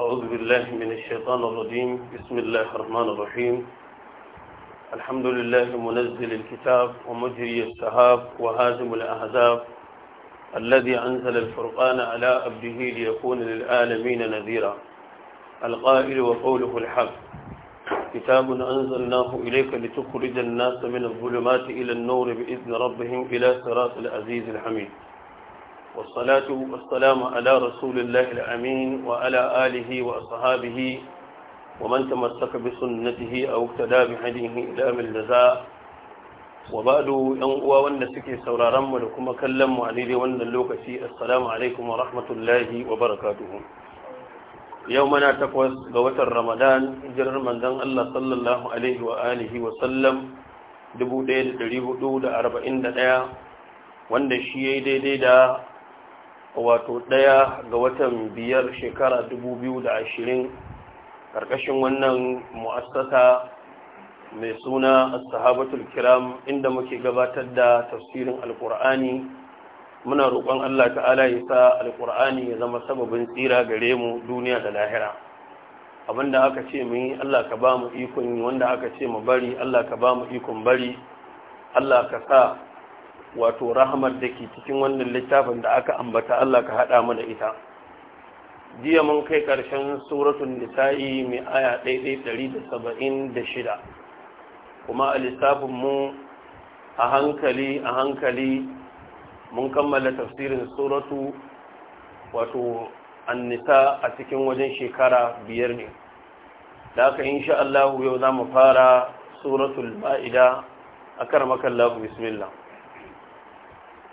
أعوذ بالله من الشيطان الرجيم بسم الله الرحمن الرحيم الحمد لله منزل الكتاب ومجري السحاب وهازم الأحزاب الذي أنزل الفرقان على عبده ليكون للعالمين نذيرا القائل وقوله الحق كتاب أنزلناه إليك لتخرج الناس من الظلمات إلى النور بإذن ربهم إلى صراط العزيز الحميد والصلاة والسلام على رسول الله الأمين وعلى آله وأصحابه ومن تمسك بسنته أو اقتدى بهديه إلى من الجزاء وبعد ينقوى والنسك سورارا ولكم كلم عليه والنلوكسي السلام عليكم ورحمة الله وبركاته يومنا تقوس قوة رمضان جرر من دن الله صلى الله عليه وآله وسلم دبو ديد دريب دود أربعين دنيا wanda shi ya daidai da wato ɗaya ga watan biyar shekara dubu biyu da ashirin ƙarƙashin wannan mu'assasa mai suna sahabatul kiram inda muke gabatar da tafsirin alƙur'ani muna roƙon Allah ta'ala ya sa alƙur'ani ya zama sababin tsira gare mu duniya da lahira abinda aka ce mu yi Allah ka ba mu ikon yi wanda aka ce mu bari Allah ka ba mu ikon bari Allah ka sa wato rahmar da ke cikin wannan littafin da aka ambata Allah ka haɗa mu da ita jiya mun kai ƙarshen suratun nisa'i mai aya shida, kuma a lissafin mu a hankali a hankali mun kammala tafsirin suratu wato annisa a cikin wajen shekara biyar ne da aka insha Allah yau za mu fara suratul ba'ida a karmakan lagu bismillah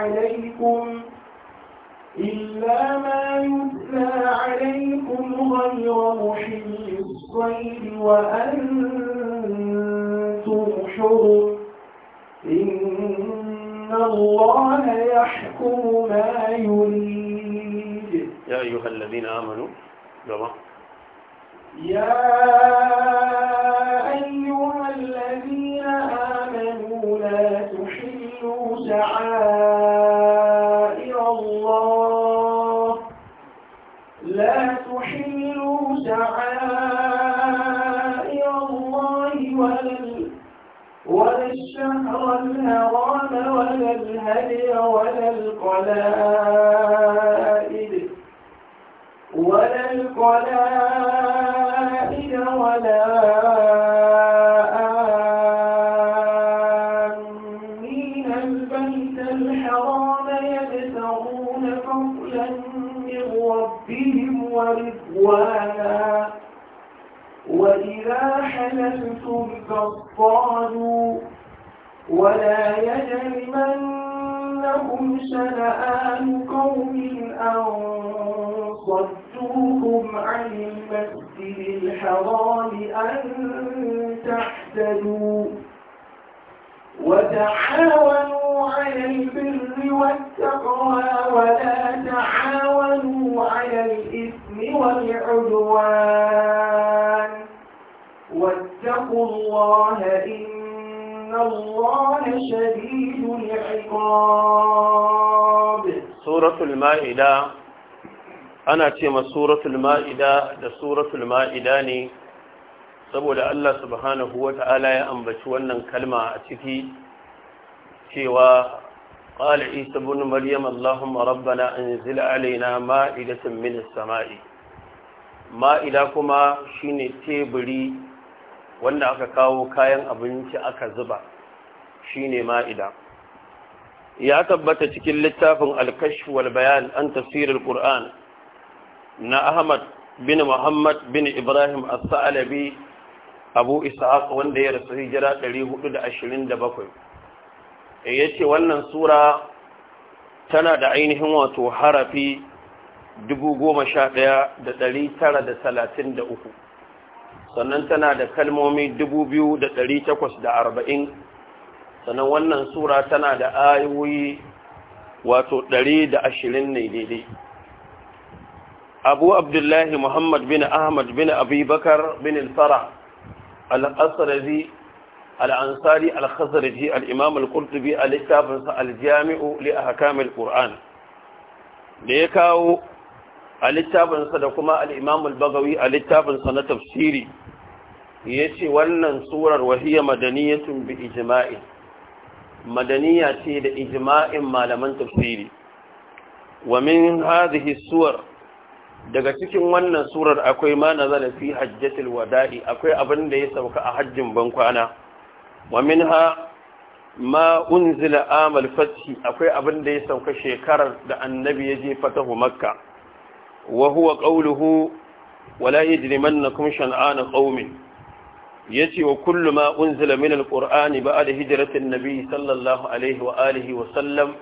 عليكم إلا ما يتلى عليكم غير محل الصيد وأنتم حر إن الله يحكم ما يريد يا أيها الذين آمنوا جمع يا أيها الذين آمنوا لا تحلوا سعادة الشهر الهرام ولا الهدي ولا القلائد ولا القلائد ولا آمين البيت الحرام يبتغون فضلا من ربهم ورضوانا وإذا حللتم فاصطادوا ولا يجرمنهم شنآن قوم أن صدوهم عن المسجد الحرام أن تحتدوا وتعاونوا على البر والتقوى ولا تعاونوا على الإثم والعدوان واتقوا الله إن إن الله ana ce ma suratul ma'ida da suratul ma'ida ne saboda Allah subhanahu wata'ala ya ambaci wannan kalma a ciki cewa qala isa ibn maryam allahumma rabbana anzil alaina ma'idatan minas sama'i ma'ida kuma shine teburi wanda aka kawo kayan abinci aka zuba shine ma'ida ya tabbata cikin littafin al bayan an tasirin al na ahmad bin muhammad bin ibrahim as-sa'labi abu ishaq wanda ya rasu hijira 427 eh, ce wannan sura tana da ainihin wato harafi 11933 sannan tana da kalmomi arba'in, sannan wannan sura tana da ayoyi wato ashirin ne daidai abu abdullahi muhammad bin ahmad bin abubakar bin al-fara al-asrazi al-ansari al al littafinsa al-jami'u li ahkam al da ya kawo a littafinsa da kuma Al'imamul bagawi a littafinsa na tafsiri ya ce wannan surar wahiya madaniyatun bi ijima'i. madaniya ce da ijma'in malaman tafsiri wa min hadhihi suwar daga cikin wannan surar akwai ma nazala fi hajjatil wada'i akwai abin da ya sauka a hajjin bankwana wa ha ma unzila amal fathi akwai abin da ya sauka shekarar da annabi ya je fatahu makka wa huwa qawluhu wala yajrimannakum shan'an qaumin yace wa kullu ma unzila min alqur'ani ba'da hijratin nabi sallallahu alaihi wa alihi wa sallam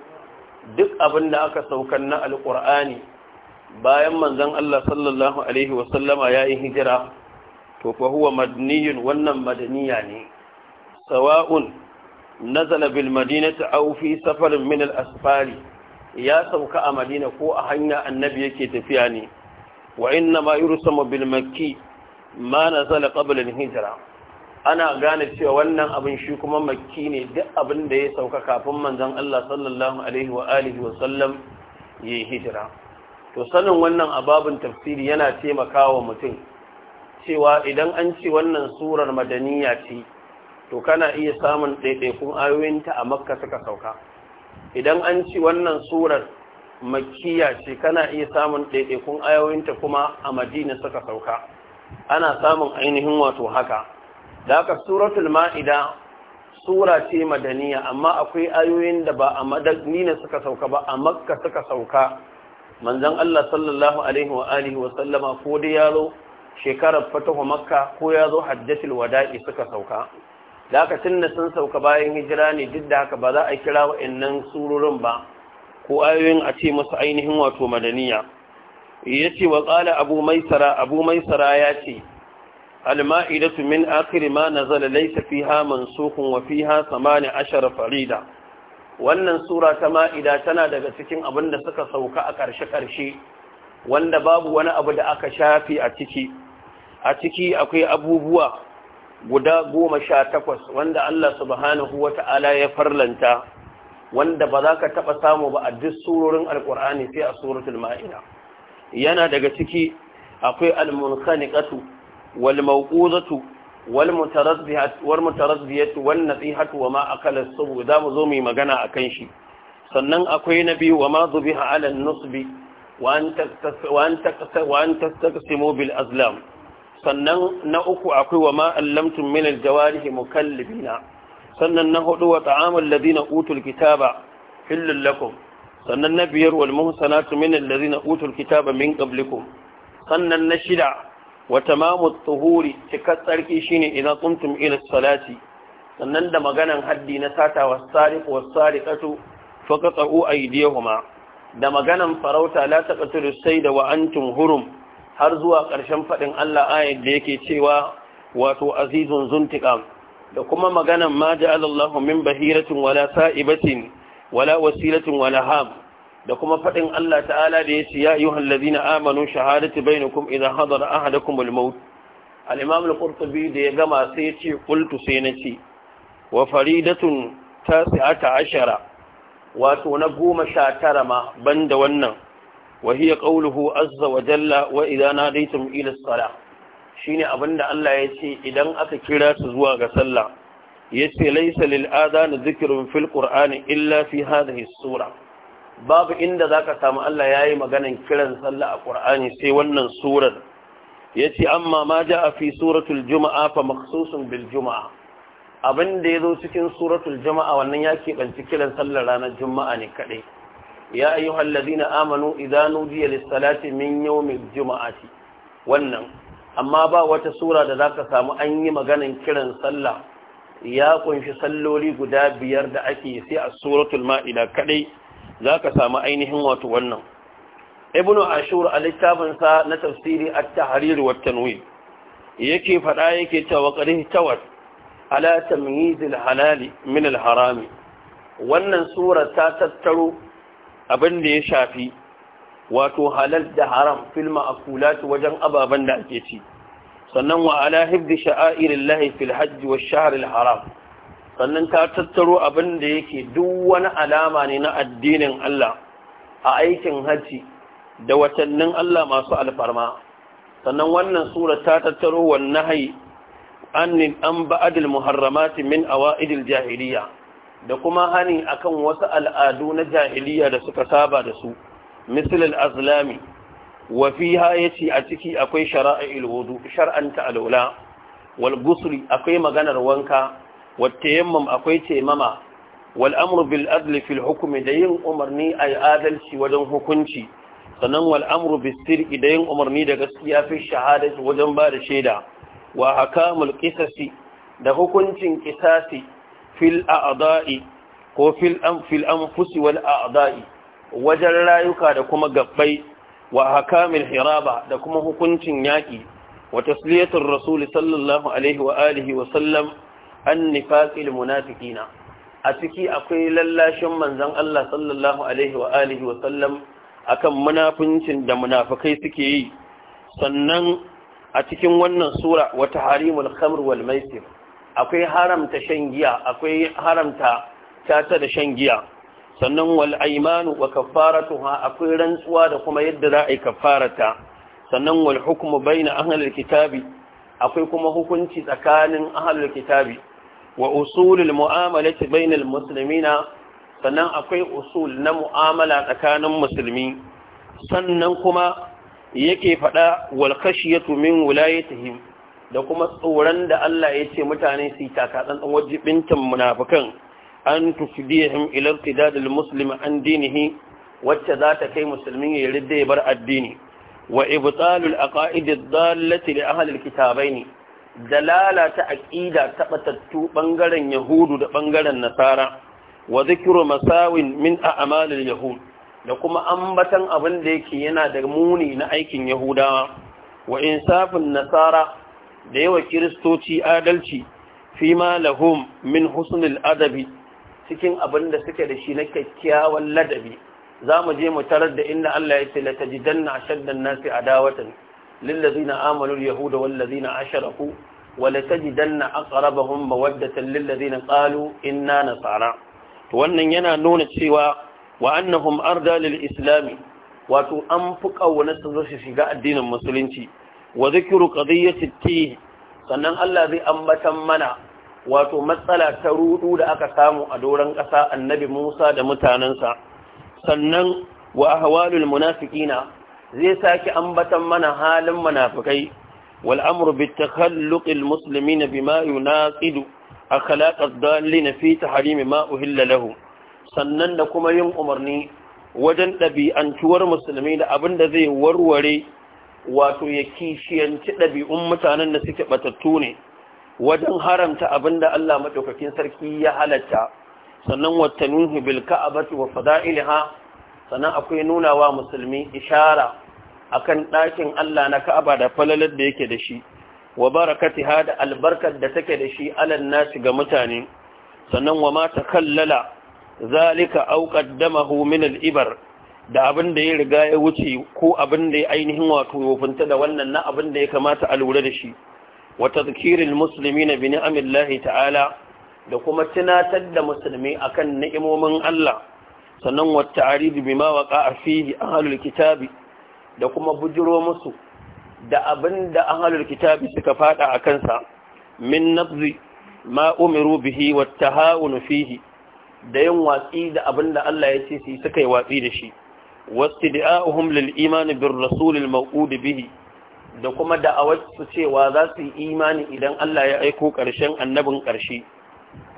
duk abin da aka sauka na Alƙur'ani. bayan manzon Allah sallallahu alaihi wa sallama yayin hijira to fa madaniyun wannan madaniya ne sawa'un nazala bil madinati aw fi safarin min asfali ya sauka a madina ko a hanya annabi yake tafiya ne wa inna ma yursamu bil makki ma nazala qabla al hijra ana gane cewa wannan abin shi kuma makki ne duk abin da ya sauka kafin manzon Allah sallallahu alaihi wa alihi wa sallam yi hijira to sanin wannan ababin tafsiri yana taimakawa mutum cewa idan an ce wannan surar madaniya ce to kana iya samun ɗaiɗaikun ayoyinta a makka suka sauka idan an ci wannan surar makiya ce kana iya samun ɗaiɗaikun ayoyinta kuma a madina suka sauka ana samun ainihin wato haka da aka suratul ma'ida sura ce madaniya amma akwai ayoyin da ba a madina suka sauka ba a makka suka sauka manzan Allah sallallahu alaihi wa alihi wa sallama ko da yaro shekarar fatahu makka ko ya zo hajjatul wada'i suka sauka da aka tunda sun sauka bayan hijira ne duk da haka ba za a kira wa'annan sururin ba ko ayoyin a ce musu ainihin wato madaniya ya ce wa ƙala abu maisara abu maisara ya ce alma'idatu min akiri ma na nazala laysa fiha mansukun wa samani ashar farida wannan sura ta ma'ida tana daga cikin abin da suka sauka a ƙarshe-ƙarshe wanda babu wani abu da aka shafi a ciki a ciki akwai abubuwa guda goma sha takwas wanda Allah subhanahu wa ta'ala ya farlanta wanda ba za ka taɓa samu ba a duk surorin alƙur'ani sai a suratul ma’ina yana daga ciki akwai al-munkhaniqatu wal mawquzatu wal mutarazziyatu wan nasihatu wa ma akala as-subu za mu zo mu magana magana akan shi sannan akwai nabi wa ma dhubiha ala an-nusbi wa anta taqsimu bil azlam sannan na uku akwai wa ma'allamtun minal jawarihi mukallibina sannan na hudu wa ta'amun ladina utul kitaba hillun lakum sannan na biyar wal muhsanatu minal ladina utul kitaba min qablikum sannan na shida wa tamamu tsuhuri, cikar tsarki shine idan qumtum ila salati sannan da maganan haddi na sata was sariq was sariqatu faqatu aydiyahuma da maganan farauta la taqtulu sayda da wa'antun hurum har zuwa ƙarshen faɗin Allah ayat da yake cewa wato azizun zuntiqam da kuma maganan ma alallahu min bahiratin wala sa'ibatin wala wasilatin wala ham da kuma faɗin Allah ta'ala da yace ya ayyuhal ladina amanu shahadatu bainakum idha hadara ahadakumul maut al-imam al-qurtubi da ya gama sai ya ce qultu sai na ce wa faridatun tasi'ata ashara wato na goma sha tara ma banda wannan وهي قوله عز وجل واذا ناديتم الى الصلاه شيني abinda Allah ya ce idan aka kira su zuwa ga sallah yace laysa lil adan dhikrun fil qur'ani illa fi hadhihi sura babu inda zaka samu Allah yayi maganan kiran sallah a ƙur'ani sai wannan surar yace amma ma jaa fi suratul jumaa fa makhsusun bil jumaa abinda yazo cikin suratul jamaa wannan yake kanci kiran sallar ranar jumaa ne kadai ya ayyuhal ladina amanu idza nudiya lis-salati min juma'a ce. wannan amma ba wata sura da zaka samu an yi maganan kiran sallah ya ƙunshi salloli guda biyar da ake yi sai a suratul ma'ida kadai zaka samu ainihin wato wannan ibnu ashur a littafin sa na tafsiri at-tahrir wa tanwir yake faɗa yake cewa qadih tawat ala tamyiz al-halali min al-harami wannan sura ta tattaro abin da ya shafi wato halal da haram fil ma'kulat wajen ababen da ake ci sannan wa ala hifdi sha'airillahi fil hajj wa shahr haram sannan ta tattaro abin da yake duk wani alama ne na addinin Allah a aikin hajji da watannin Allah masu alfarma sannan wannan sura ta tattaro wannan nahi an an ba'adil muharramati min awaidil jahiliya da kuma hani akan wasu al'adu na jahiliya da suka saba da su misalin azlami wa fiha yace a ciki akwai shara'il wudu shar'anta alula wal ghusl akwai maganar wanka wat tayammum akwai taimama wal amru bil adl fil hukm da yin umarni ay adalci wajen hukunci sannan wal amru bis sir da yin umarni da gaskiya fi shahadati wajen ba da shaida wa hakamul qisasi da hukuncin qisasi fil a'da'i ko fil an fil anfusi wal a'da'i wajen rayuka da kuma gabbai wa hakamil hiraba da kuma hukuncin yaki wa tasliyatur rasul sallallahu alaihi wa alihi wa sallam an nifaqil munafiqina a ciki akwai lallashin manzon Allah sallallahu alaihi wa alihi wa sallam akan munafincin da munafikai suke yi sannan a cikin wannan sura wata harimul khamr wal maisir akwai haramta shan giya akwai haramta tata da shan giya sannan wal aymanu wa kaffaratuha akwai rantsuwa da kuma yadda za a yi kaffarata sannan wal hukmu baina ahlil kitabi akwai kuma hukunci tsakanin ahlil kitabi wa usulul mu'amalati bainal muslimina sannan akwai usul na mu'amala tsakanin musulmi sannan kuma yake faɗa wal khashiyatu min wilayatihim da kuma tsoron da Allah ya ce mutane su yi takatsan ɗan wajibintan munafukan an tufidihim ilar tidadul Musulmi an dinihi wacce za ta kai musulmin ya yarda ya bar addini wa ibtalul aqaidid dallati li ahli alkitabaini da lalata aqida batattu bangaren yahudu da bangaren nasara wa dhikru masawin min a'malil yahud da kuma ambatan abin da yake yana da muni na aikin yahudawa wa insafin nasara da yawa kiristoci adalci fi ma lahum min husnul adabi cikin abin da suke da shi na kyakkyawan ladabi za mu je mu tarar da inda Allah ya ce la tajidanna ashaddan nasi adawatan lil amanu al yahuda wal ladina ashraku wa aqrabahum mawaddatan lil qalu inna nasara to wannan yana nuna cewa wa annahum arda lil wato an fi kauna su zo su shiga addinin musulunci wa zikiru qadiyyati ti sannan Allah zai ambatan mana wato matsala ta rudu da aka samu a doron ƙasa annabi Musa da mutanensa sannan wa ahwalul munafiqina zai saki ambatan mana halin munafikai wal amru bit takhalluqil muslimina bima yunaqidu akhlaq ad-dallin fi tahrim ma uhilla lahu sannan da kuma yin umarni wajen ɗabi'antuwar musulmi da abin da zai warware wato ya kishiyanci ɗabi'un mutanen da suke batattu ne wajen haramta abin da Allah maɗaukakin sarki ya halatta sannan wattanuhu bil ka'abati wa fada'ilha sannan akwai nuna wa musulmi ishara akan ɗakin Allah na Ka'aba da falalar da yake da shi wa barakatiha da albarkar da take da shi alal nasi ga mutane sannan wa ma takallala zalika aw qaddamahu min al ibar da abin da ya riga ya wuce ko abin da ya ainihin wato da wannan na abin da ya kamata a lura da shi wa tazkiril na bi ni'amillahi ta'ala da kuma tunatar da musulmi akan ni'imomin Allah sannan wa mawaƙa a fiye fihi ahlul kitabi da kuma bujiro musu da abin da ahlul kitabi suka fada akan sa min nabzi ma umiru bihi wa tahawun fihi da yin watsi da abin da Allah ya ce su suka yi watsi da shi wastida'uhum lil imani bin rasulil mawqud bihi da kuma da'awar cewa za su yi imani idan Allah ya aiko ƙarshen annabin ƙarshe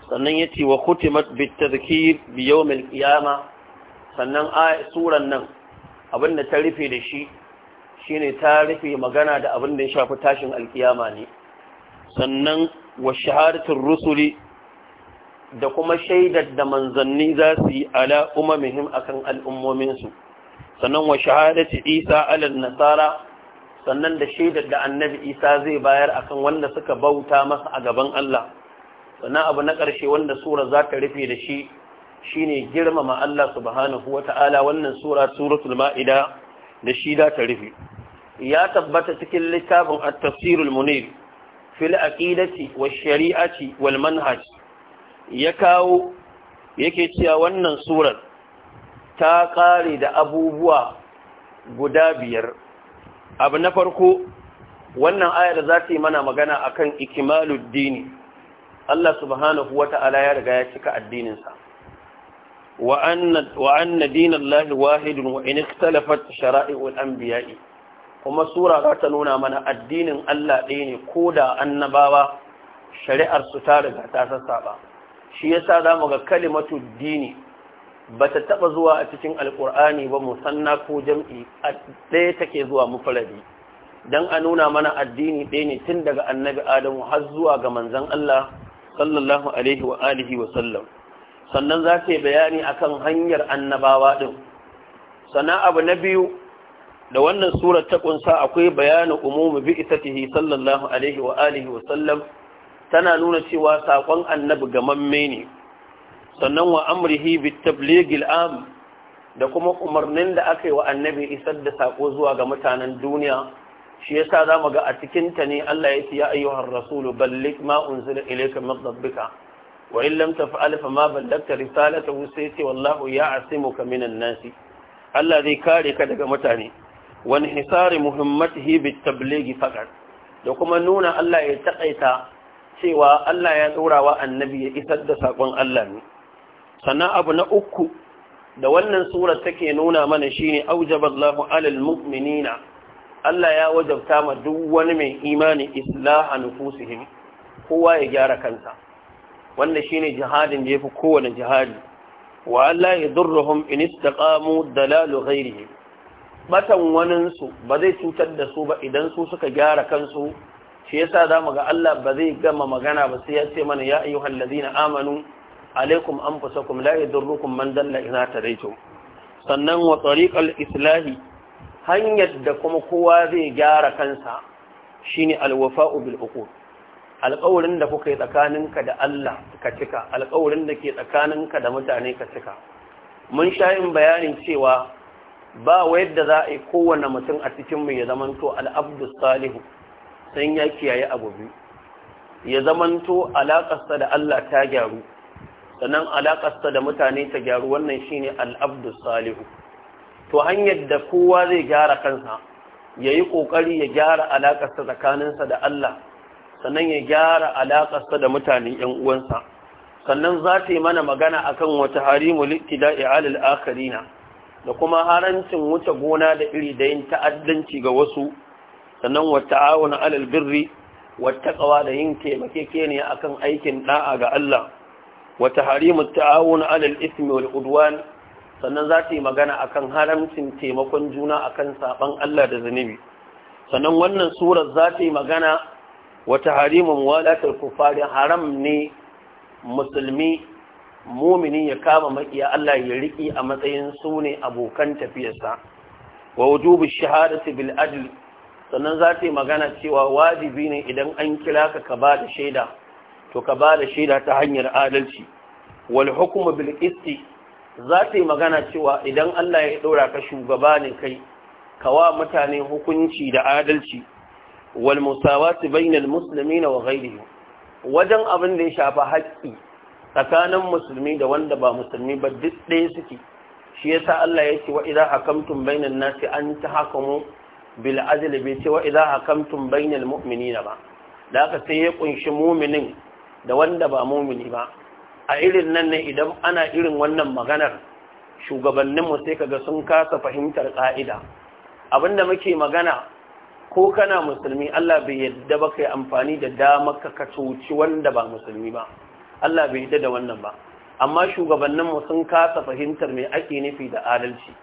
sannan ya ce wa khutimat bit tadhkir bi yawmil sannan a suran nan abin da ta rufe da shi ne ta rufe magana da abin da ya shafi tashin alkiyama ne sannan wa shahadatun rusuli da kuma shaidar da manzanni za su yi ala umamihim akan al'ummominsu sannan wa shahadati isa alal nasara sannan da shaidar da annabi isa zai bayar akan wanda suka bauta masa a gaban Allah sannan abu na ƙarshe wanda sura za ta rufe da shi shine girmama Allah subhanahu wata'ala wannan sura suratul ma'ida da shi da ta rufe ya tabbata cikin littafin at-tafsirul munir fil aqidati wash shari'ati wal manhaj ya kawo yake cewa wannan surar ta ƙare da abubuwa guda biyar abu na farko wannan ayar za su yi mana magana akan ikimaluddini Allah subhanahu wa ta'ala ya riga ya cika addininsa wa anna dinallahi wahidun wa in ikhtalafat an biyai? kuma sura za ta nuna mana addinin Allah ɗaya ne ko da annabawa shari'ar su ta riga ta ba shi ya sa za mu ga kalimatu dini ba ta taɓa zuwa a cikin alƙur'ani ba musanna ko jam'i a ɗaya take zuwa mufaladi don a nuna mana addini ɗaya ne tun daga annabi adamu har zuwa ga manzan Allah sallallahu alaihi wa alihi wa sallam sannan za ta yi bayani akan hanyar annabawa ɗin sannan abu na biyu da wannan surar ta ƙunsa akwai bayanin umumi bi tihi sallallahu alaihi wa alihi wa sallam tana nuna cewa saƙon annabi gamamme ne sannan wa amrihi bit tablighil am da kuma umarnin da aka yi wa annabi isar da sako zuwa ga mutanen duniya shi yasa zamu ga a cikin ta ne Allah ya ce ya ayyuhar rasul balligh ma unzila ilayka min rabbika wa in lam taf'al fa ma ballagta risalatahu sai wallahu ya'simuka minan nasi Allah zai kare ka daga mutane wani hisari muhimmatihi bit tabligi faqat da kuma nuna Allah ya takaita cewa Allah ya tsorawa annabi ya isar da sakon Allah ne sannan abu na uku da wannan surar take nuna mana shine aujaballahu alal mu'minina Allah ya wajabta ma duk wani mai imani islaha nufusihim kowa ya gyara kansa wanda shine jihadin da yafi kowane jihadi wa Allah durruhum in istaqamu dalalu ghairihim batan wanin su ba zai cutar da su ba idan su suka gyara kansu shi yasa zamu ga Allah ba zai gama magana ba sai ya ce mana ya ayyuhallazina amanu alaikum fusakum la yadurrukum man dalla ina tadaitum sannan wa tariqal islahi hanyar da kuma kowa zai gyara kansa shine alwafa'u bil uqud alƙawarin da kuka yi tsakaninka da Allah ka cika alƙawarin da ke tsakaninka da mutane ka cika mun sha bayanin cewa ba wa yadda za a yi kowane mutum a cikin mu ya zamanto al'abdu salihu sai ya kiyaye abubu. biyu ya zamanto alaƙarsa da Allah ta gyaru sannan alaƙasta da mutane ta gyaru wannan shine Al'abdu salihu to hanyar da kowa zai gyara kansa ya yi ƙoƙari ya gyara alaƙasta tsakaninsa da Allah sannan ya gyara alaƙarsa da mutane ‘yan uwansa sannan za ta yi mana magana a kan wata harimu littida i'alil akarina da kuma harancin wuce gona da iri da yin ta'addanci ga wasu sannan wata awon alal birri wata ƙawa da yin taimakekeniya akan aikin ɗa'a ga Allah wata harimun ta'awun alal ismi wal udwan sannan za ta yi magana akan haramcin taimakon juna akan saban Allah da zunubi sannan wannan surar za ta yi magana wata harimun walatar kufari haram ne musulmi mumini ya kama makiya Allah ya riki a matsayin su ne abokan tafiyarsa wa wujubu shahadati bil adl sannan za ta yi magana cewa wajibi ne idan an kira ka ka ba da shaida to ka ba da shaida ta hanyar adalci wal hukumu bil qisti za ta yi magana cewa idan Allah ya ɗora ka shugaba ne kai kawa mutane hukunci da adalci wal musawati bainal muslimina wa ghayrihim wajen abin da ya shafi haƙƙi tsakanin musulmi da wanda ba musulmi ba duk ɗaya suke shi yasa Allah ya ce wa idza hakamtum bainan nasi an tahakamu bil adli bi ce wa idza hakamtum bainal mu'minina ba da aka sai ya kunshi mu'minin da wanda ba mumini ba a irin nan ne idan ana irin wannan maganar shugabanninmu sai kaga sun kasa fahimtar ƙa'ida abinda muke magana ko kana musulmi Allah bai yadda ba kai amfani da damar ka ka cuci wanda ba musulmi ba Allah bai yadda da wannan ba amma shugabanninmu sun kasa fahimtar me ake nufi da adalci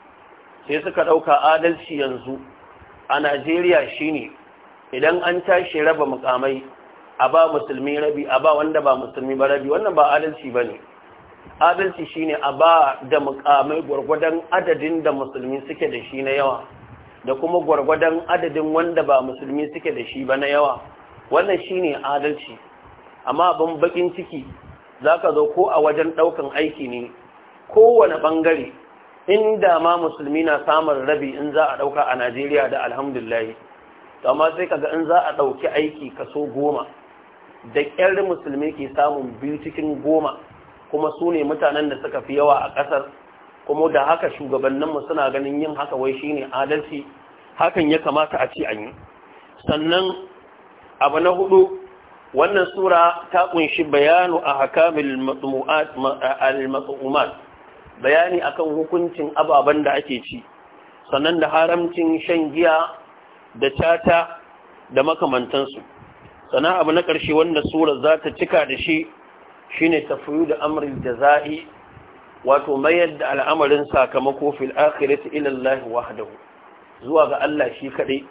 sai suka ɗauka adalci yanzu a Najeriya shine idan an tashi raba mukamai a ba musulmi rabi a ba wanda ba musulmi ba rabi wannan ba adalci ba ne adalci shi ne a ba da mukamai gwargwadon adadin da musulmi suke da shi na yawa da kuma gwargwadon adadin wanda ba musulmi suke da shi ba na yawa wannan shi ne adalci amma abin bakin ciki za ka zo ko a wajen ɗaukan aiki ne kowane bangare inda ma musulmi na samun rabi in za a dauka a Najeriya da alhamdulillah amma sai ka ga in za a ɗauki aiki kaso goma da ƙyar musulmi ke samun biyu cikin goma kuma su ne mutanen da suka fi yawa a ƙasar kuma da haka shugabanninmu suna ganin yin haka wai shi ne adalci hakan ya kamata a ce an yi sannan abu na hudu wannan sura ta kunshi bayanu a hakamil matsumat bayani akan hukuncin ababen da ake ci sannan da haramcin shan giya da cata da makamantansu sana abu na ƙarshe wanda sura za ta cika da shi shine tafiyu da da jaza'i wato mayar da al'amarin sakamako fil akhirati ilallahi wahdahu zuwa ga Allah shi kadai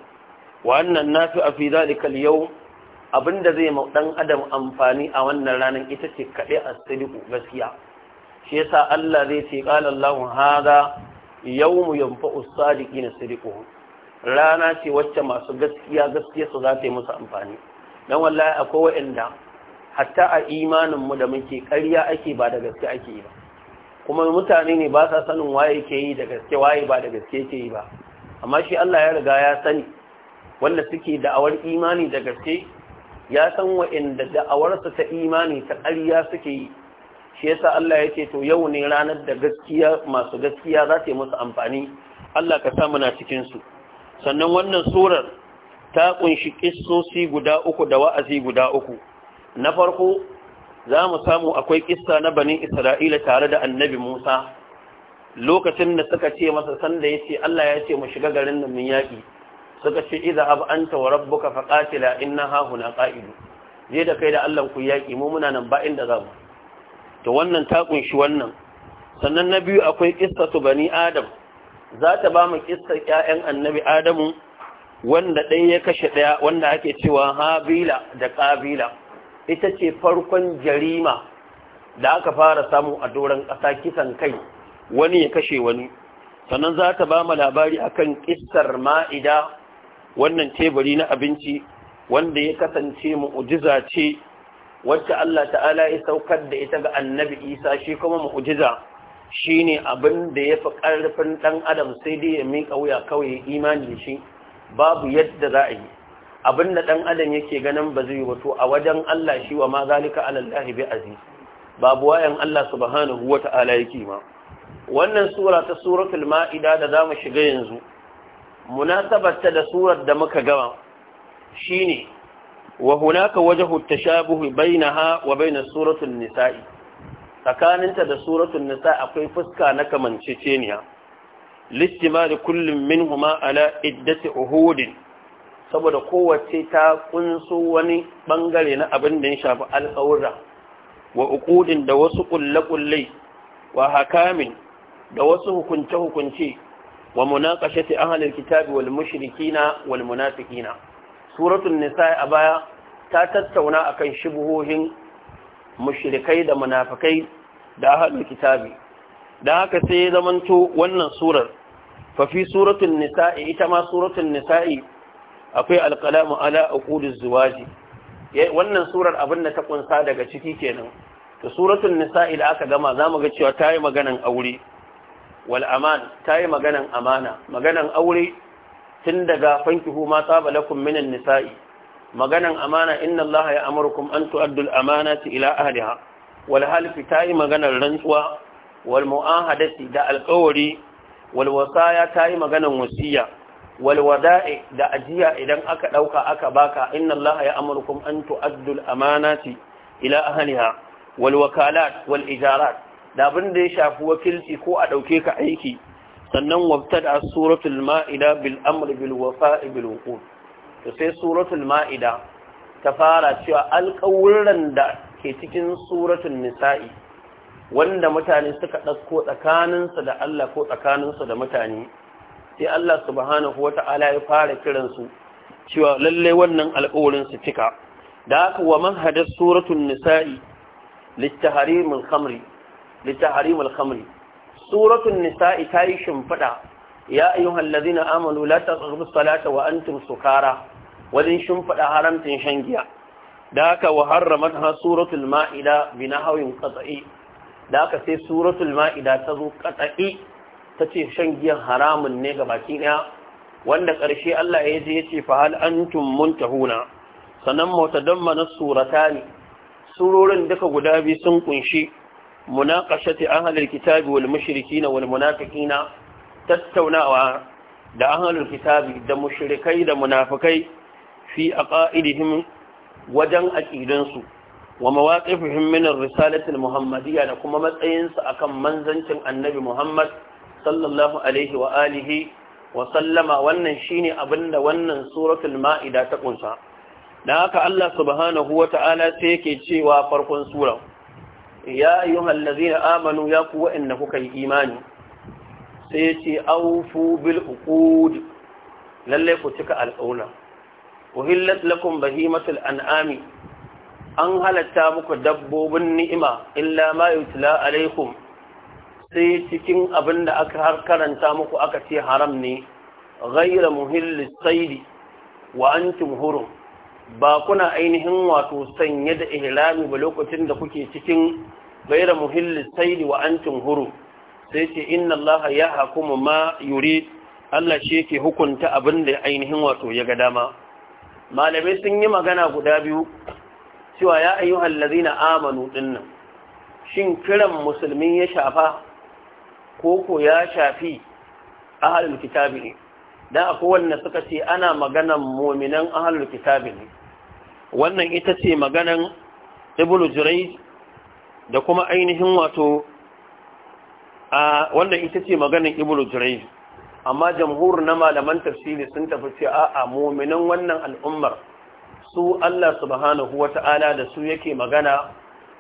wa annan nafi fi zalika yau, abinda zai ma dan adam amfani a wannan ranar ita ce kaɗai a sidiqu gaskiya shi yasa Allah zai ce qala Allahu hadha yau yanfa'u as na siriku rana ce wacce masu gaskiya su za ta yi musu amfani dan wallahi akwai wa'anda hatta a imanin da muke ƙarya ake ba da gaske ake yi ba kuma mutane ne ba sa sanin waye ke yi da gaske waye ba da gaske ke yi ba amma shi Allah ya riga ya sani wanda suke da'awar imani da gaske ya san wa'anda da'awarsa ta imani ta ƙarya suke yi shi yasa Allah ya ce to yau ne ranar da gaskiya masu gaskiya za ta yi musu amfani Allah ka sa muna cikin su sannan wannan surar ta kunshi kissosi guda uku da wa'azi guda uku na farko za mu samu akwai kissa na bani isra'ila tare da annabi musa lokacin da suka ce masa sanda ya ce allah ya ce mu shiga garin nan yaƙi suka ce iza abu an wa rabbuka fa qatila inna huna qa'idu je da kai da allah ku yaƙi mu muna nan ba inda za mu to wannan ta kunshi wannan sannan na biyu akwai kissa su bani adam za ta ba mu kissa ƴaƴan annabi adamu wanda ɗaya ya kashe ɗaya wanda ake cewa habila da ƙabila ita ce farkon jarima da aka fara samu a doron ƙasa kisan kai wani ya kashe wani sannan za ta ba mu labari akan ƙistar ma'ida wannan teburi na abinci wanda ya kasance mu'ujiza ce wacce Allah ta'ala ya saukar da ita ga annabi isa shi kuma mu'ujiza ne abin da ya fi ƙarfin ɗan adam sai dai ya miƙa wuya kawai imani shi babu yadda za a yi abin da ɗan adam yake ganin ba zai wato a wajen Allah shi wa ma zalika alallahi bi aziz babu wayan Allah subhanahu wata'ala yake ma wannan sura ta suratul ma'ida da zamu shiga yanzu munasabar ta da surar da muka gama shine wa hunaka wajhu tashabuh bainaha wa baina suratul nisa'i tsakaninta da suratul nisa akwai fuska na kamanceceniya listimari kullum min huma ala iddati uhudin saboda kowace ta kunso wani bangare na abin da ya shafi alƙawura wa uqudin da wasu kulle wa hakamin da wasu hukunce-hukunce wa munaqashati ahlil kitabi wal mushrikina wal munafiqina suratul nisa a baya ta tattauna akan shubuhohin mushrikai da munafikai da ahlul kitabi da haka sai ya zamanto wannan surar fafi suratun nisa'i ita ma suratun nisa'i akwai alƙalamu ala aqudiz zuwaji wannan surar abin da ta kunsa daga ciki kenan to suratun nisa'i da aka gama zamu ga cewa tayi maganan aure wal aman tayi maganan amana maganan aure tun daga fanki hu ma tsaba lakum minan nisa'i maganan amana inna allaha ya'murukum an tu'addul amanati ila ahliha wal ta tayi maganar rantsuwa walmu'ahadati da alƙawari walwasaya wasaya ta yi maganan wasiya walwada'i da ajiya idan aka ɗauka aka baka inna Allah ya amurkum an tu'addu amanati ila ahliha wal wakalat ijarat da abin da ya shafi wakilci ko a ɗauke ka aiki sannan wabtada suratul ma'ida bil amri bil wafa'i bil wuqud to sai suratul ma'ida ta fara cewa alƙawuran da ke cikin suratul nisa'i wanda mutane suka ɗauko tsakaninsa da Allah ko tsakaninsa da mutane sai Allah subhanahu wata'ala ya fara kiransu cewa lallai wannan alƙawarin su cika da haka wa manhajar suratun nisa'i littaharimul al khamri Suratun nisa'i ta yi shimfiɗa ya ayyuhal ladina amanu la taqrabu salata wa antum sukara wajen shimfiɗa haramtin shan giya da haka wa harramat ha suratul ma'ida bi nahawin qat'i da aka sai suratul ma'ida ta zo katsa'i ta ce shan giyan haramun ne ga baki ɗaya wanda ƙarshe Allah ya je ya ce fa hal antum muntahuna sannan mutadammana suratani surorin duka guda biyu sun kunshi munaqashati ahlil kitabi wal mushrikin wal munafiqina tattaunawa da ahlul kitabi da mushrikai da munafikai fi aqaidihim wajen aqidansu wa mawaqifihim min ar-risalati al-muhammadiyya da kuma matsayinsa akan manzancin annabi Muhammad sallallahu alaihi wa alihi wa sallama wannan shine abinda wannan suratul ma'ida ta kunsa dan haka Allah subhanahu wa ta'ala sai yake cewa farkon sura ya ayyuhal ladzina amanu ya ku wa'anna kuka yi imani sai yace awfu bil uqud lalle ku cika al'auna uhillat lakum bahimatul an'ami an halatta muku dabbobin ni'ima illa ma yutla alaikum sai cikin abin da aka har karanta muku aka ce haram ne ghaira muhillis saidi wa antum hurum ba kuna ainihin wato sanya da ihlami ba lokacin da kuke cikin ghaira muhillis saidi wa antum hurum sai ce inna Allah ya ma yuri Allah shi yake hukunta abin da ainihin wato ya ga dama malamai sun yi magana guda biyu cewa ya ayyuhal na amanu dinnan shin kiran musulmin ya shafa ko ko ya shafi halin kitabi ne don akwai suka ce ana maganan a halin kitabi ne wannan ita ce maganan ibnu jirai da kuma ainihin wato a wannan ita ce maganan ibnu jirai. amma jamhur na malaman tafsiri sun tafi ce a'a mu'minan wannan al'ummar su Allah subhanahu wata'ala da su yake magana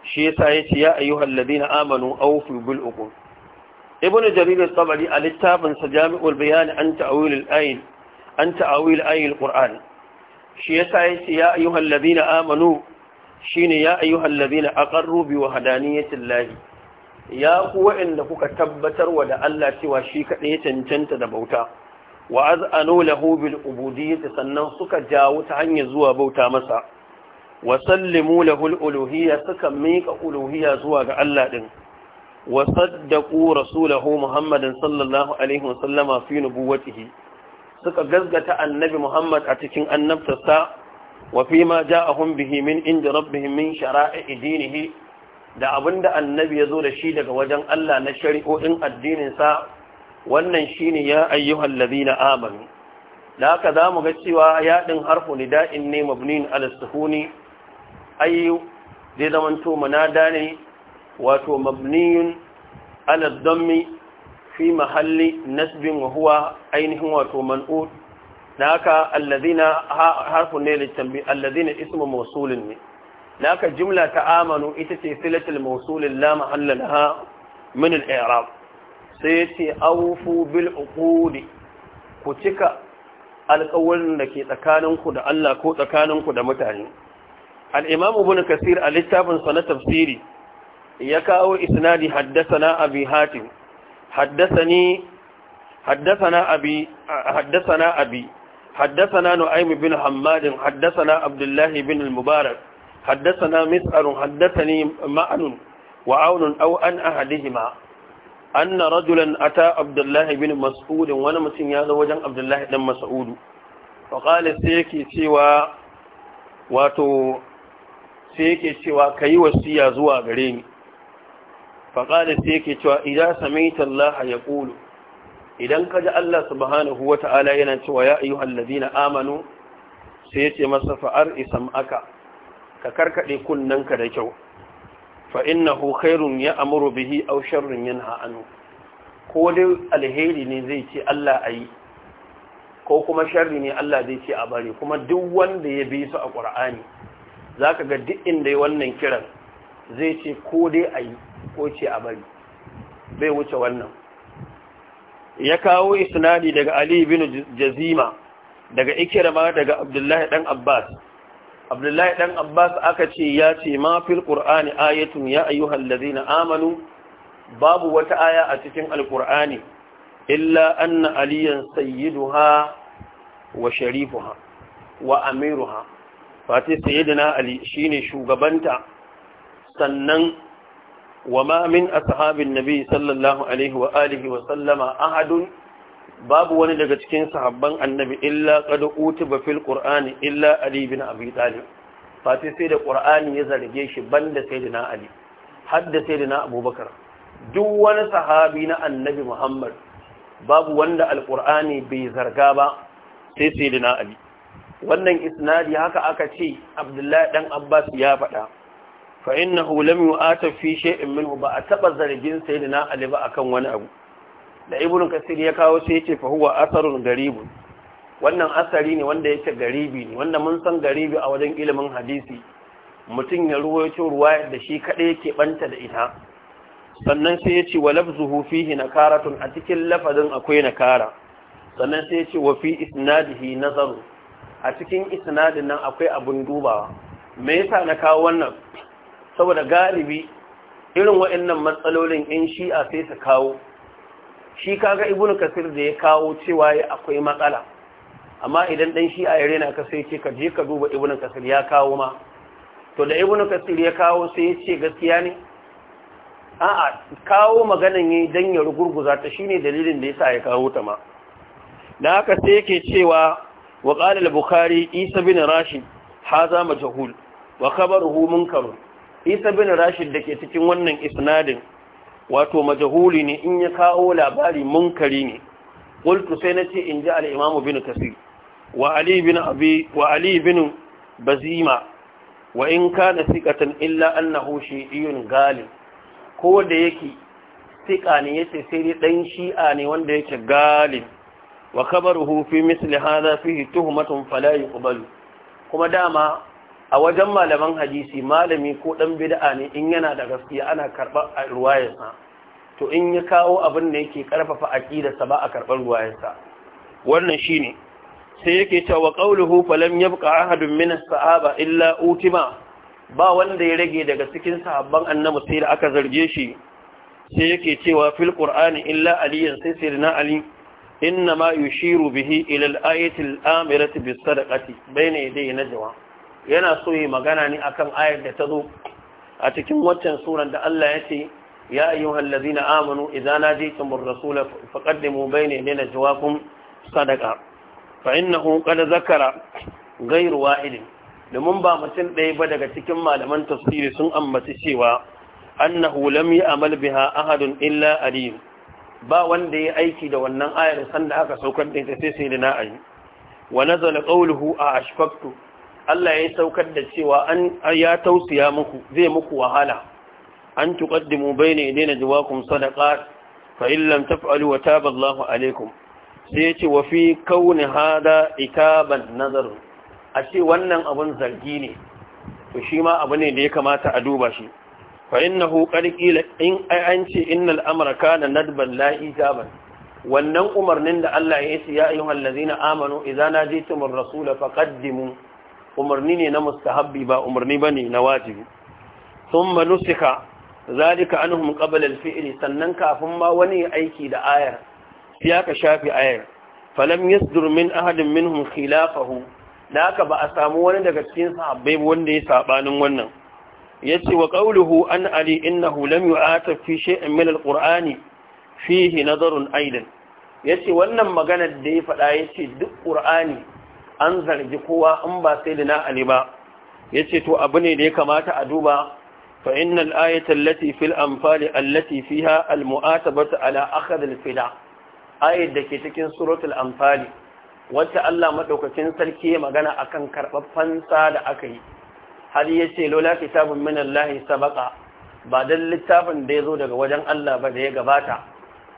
shi yasa yace ya ayyuhal ladina amanu awfu bil uqud ibn jarir al-tabari a littafin sa jami'ul bayan an ta'wil al-ayat an ta'wil ayat al-qur'an shi yasa yace ya ayyuhal ladina amanu shine ya ayyuhal ladina aqarru bi wahdaniyatillahi ya ku wa'anda kuka tabbatar wa da Allah cewa shi kadai ya cancanta da bauta wa az'anu lahu bil ubudiyyah sannan suka jawo ta hanyar zuwa bauta masa wa sallimu lahu al uluhiyya suka mika uluhiyya zuwa ga Allah din wa saddaqu rasulahu muhammadin sallallahu alaihi wasallama fi nubuwwatihi suka gazgata annabi muhammad a cikin annabtarsa wa fi ma ja'ahum bihi min inda rabbihim min shara'i dinihi da abinda annabi ya zo da shi daga wajen Allah na shari'o'in addininsa wannan shine ya ayyuhal ladina amanu da haka mu ga cewa ya din harfu da'in ne mabnin ala sukuni ay zai zamanto da ne wato mabniyun ala fi mahalli nasbin wa huwa ainihin wato man'ud naka alladhina harfu ne litambi alladhina ismu mawsulin ne naka jumla ta amanu ita ce silatul mawsulin la mahalla laha min al-i'rab sai ya ce awufu bil uqudi ku cika alƙawarin da ke tsakaninku da Allah ko tsakaninku da mutane al-imam ibn kasir a littafin sa na tafsiri ya kawo isnadi haddathana abi hatim haddathani haddathana abi haddathana abi حدثنا نعيم بن حماد حدثنا عبد الله بن المبارك حدثنا مسعر حدثني معن وعون أو أن أحدهما anna rajulan ata abdullahi bin mas'ud wani mutum ya zo wajen abdullahi dan mas'ud fa qala sai yake cewa wato sai yake cewa kai wasiya zuwa gare ni fa qala sai yake cewa idza samaita Allah ya idan ka ji Allah subhanahu wata'ala yana cewa ya ayyuhal ladina amanu sai yace masa fa'ar isam'aka ka karkade kunnanka da kyau fa innahu khairun a bihi aw sharrun yanha anhu ko dai alheri ne zai ce Allah ayi ko kuma sharri ne Allah zai ce a bari kuma duk wanda ya bi su a Qur'ani zaka ga duk inda ya wannan kiran zai ce ko dai ayi ko ce a bari bai wuce wannan ya kawo isnadi daga Ali bin Jazima daga Ikrama daga Abdullahi dan Abbas abdullahi dan abbas aka ce ya ce ma fil qur'ani ayatun ya ayyuhal ladina amanu babu wata aya a cikin alqur'ani illa anna aliyan sayyiduha wa sharifuha wa amiruha fati sayyidina ali shine shugabanta sannan wa ma min ashabin nabi sallallahu alaihi wa alihi wa sallama ahadun babu wani daga cikin sahabban annabi illa qad utiba fil qur'ani illa ali bin abi talib fati sai da qur'ani ya zarge shi banda sayyidina ali hadda sayyidina abubakar duk wani sahabi na annabi muhammad babu wanda alqur'ani bai zarga ba sai sayyidina ali wannan isnadi haka aka ce abdullahi dan abbas ya faɗa fa innahu lam yu'ata fi shay'in minhu ba a taba zargin sayyidina ali ba akan wani abu da ibn kasir ya kawo sai yace fa huwa asarun garibun wannan asari ne wanda yake garibi ne wanda mun san garibi a wajen ilimin hadisi mutum ya ruwaito ruwa da shi kada yake banta da ita sannan sai yace wa lafzuhu fihi nakaratun a cikin lafazin akwai nakara sannan sai yace wa fi isnadihi nazaru a cikin isnadin nan akwai abun dubawa me yasa na kawo wannan saboda galibi irin waɗannan matsalolin in shi'a sai su kawo shi kaga ibnu kasir da ya kawo cewa akwai matsala amma idan dan shi a yare na ka sai ce ka je ka duba ibnu kasir ya kawo ma to da ibnu kasir ya kawo sai ya ce gaskiya ne a'a kawo maganan yi dan ya rugurguza ta shine dalilin da yasa ya kawo ta ma dan haka sai yake cewa wa qala al-bukhari isa bin rashid haza majhul wa khabaruhu munkar isa bin rashid dake cikin wannan isnadin wato majahuli ne in ya kawo labari munkari ne qultu sai nace in ji al-imam bin kasir wa ali bin abi wa ali bazima wa in kana thiqatan illa annahu shi'iyun galib ko da yake thiqa ne yace sai dai dan shi'a ne wanda yake galib wa khabaruhu fi misli hadha fihi tuhmatun fala yuqbalu kuma dama a wajen malaman hadisi malami ko dan bid'a ne in yana da gaskiya ana karɓar ruwayarsa to in ya kawo abin da yake karfafa aqidarsa ba a karɓar ruwayarsa wannan shine sai yake cewa qauluhu falam yabqa ahadun min as-sahaba illa utima ba wanda ya rage daga cikin sahabban annabi sai da aka zarge shi sai yake cewa fil qur'ani illa aliyan sai sirna ali إنما يشير به إلى الآية الآمرة بالصدقة بين na نجوى yana so yi magana ne akan ayar da ta zo a cikin waccan suran da Allah ya ce ya ayyuhal ladzina amanu idza najitumur rasula faqaddimu bayna yadayna jawakum sadaka fa innahu qad zakara gairuwa wa'idin domin ba mutum ɗaya ba daga cikin malaman tafsiri sun ambaci cewa annahu lam ya'mal biha ahadun illa aliyu ba wanda ya aiki da wannan ayar sanda aka saukar da ita sai sai da na'ayi wa nazala qawluhu a ashfaqtu Allah ya saukar da cewa an ya tausiya muku zai muku wahala an tuqaddimu bayna yadayna jawakum sadaqat fa in lam taf'alu wa taba Allahu alaikum sai ce wa fi kauni hada itaban nazar a ce wannan abun zargi ne to shi ma abu ne da ya kamata a duba shi fa innahu qad qila in an ce innal amra kana nadban la itaban wannan umarnin da Allah ya yi ya ayyuhallazina amanu idza najitumur rasula faqaddimu umarni ne na mustahabbi ba umarni ba ne na wajibi sun manusika zalika an qabla al-fi'li sannan kafin ma wani aiki da ayar Ya ka shafi ayar falam yasdur ahadin minhum khilafahu da haka ba a samu wani daga cikin sahabbai wanda ya saɓanin wannan yace wa ƙauluhu an ali innahu lam yu'ata fi shay'in min al fihi nazarun aidan yace wannan maganar da ya faɗa yace duk ƙur'ani an zargi kowa an ba sai da ali ba ya ce to abu ne da ya kamata a duba fa innal ayata allati fil anfal allati fiha al mu'atabatu ala akhd al fida ayat da ke cikin suratul anfal wacce Allah madaukakin sarki ya magana akan karɓar fansa da aka yi har ya ce lola kitabun min Allah sabaqa ba dan littafin da ya zo daga wajen Allah ba da ya gabata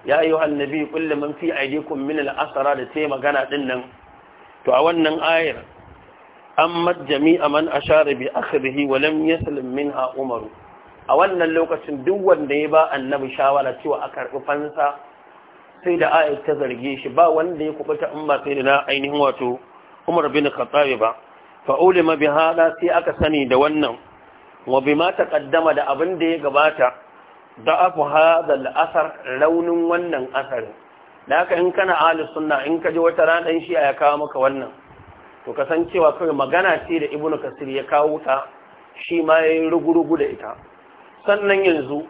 ya ayyuhan nabi kullu man fi aydikum min al asra da ce magana din nan to a wannan ayar an majjami a man ashara bi akhrihi wa lam yaslim minha umaru a wannan lokacin duk wanda ya ba annabi shawara cewa a karbi fansa sai da ayar ta zarge shi ba wanda ya kubuta in ba sai da na ainihin wato Umar bin Khattab ba fa ulima bi hada sai aka sani da wannan wa bima taqaddama da abin da ya gabata da hadha al-athar launin wannan asarin da haka in kana ahlus sunna in ka ji wata dan shi ya kawo maka wannan to kasancewa kawai magana ce da ibnu kasir ya kawo ta shi ma yayi rugurugu da ita sannan yanzu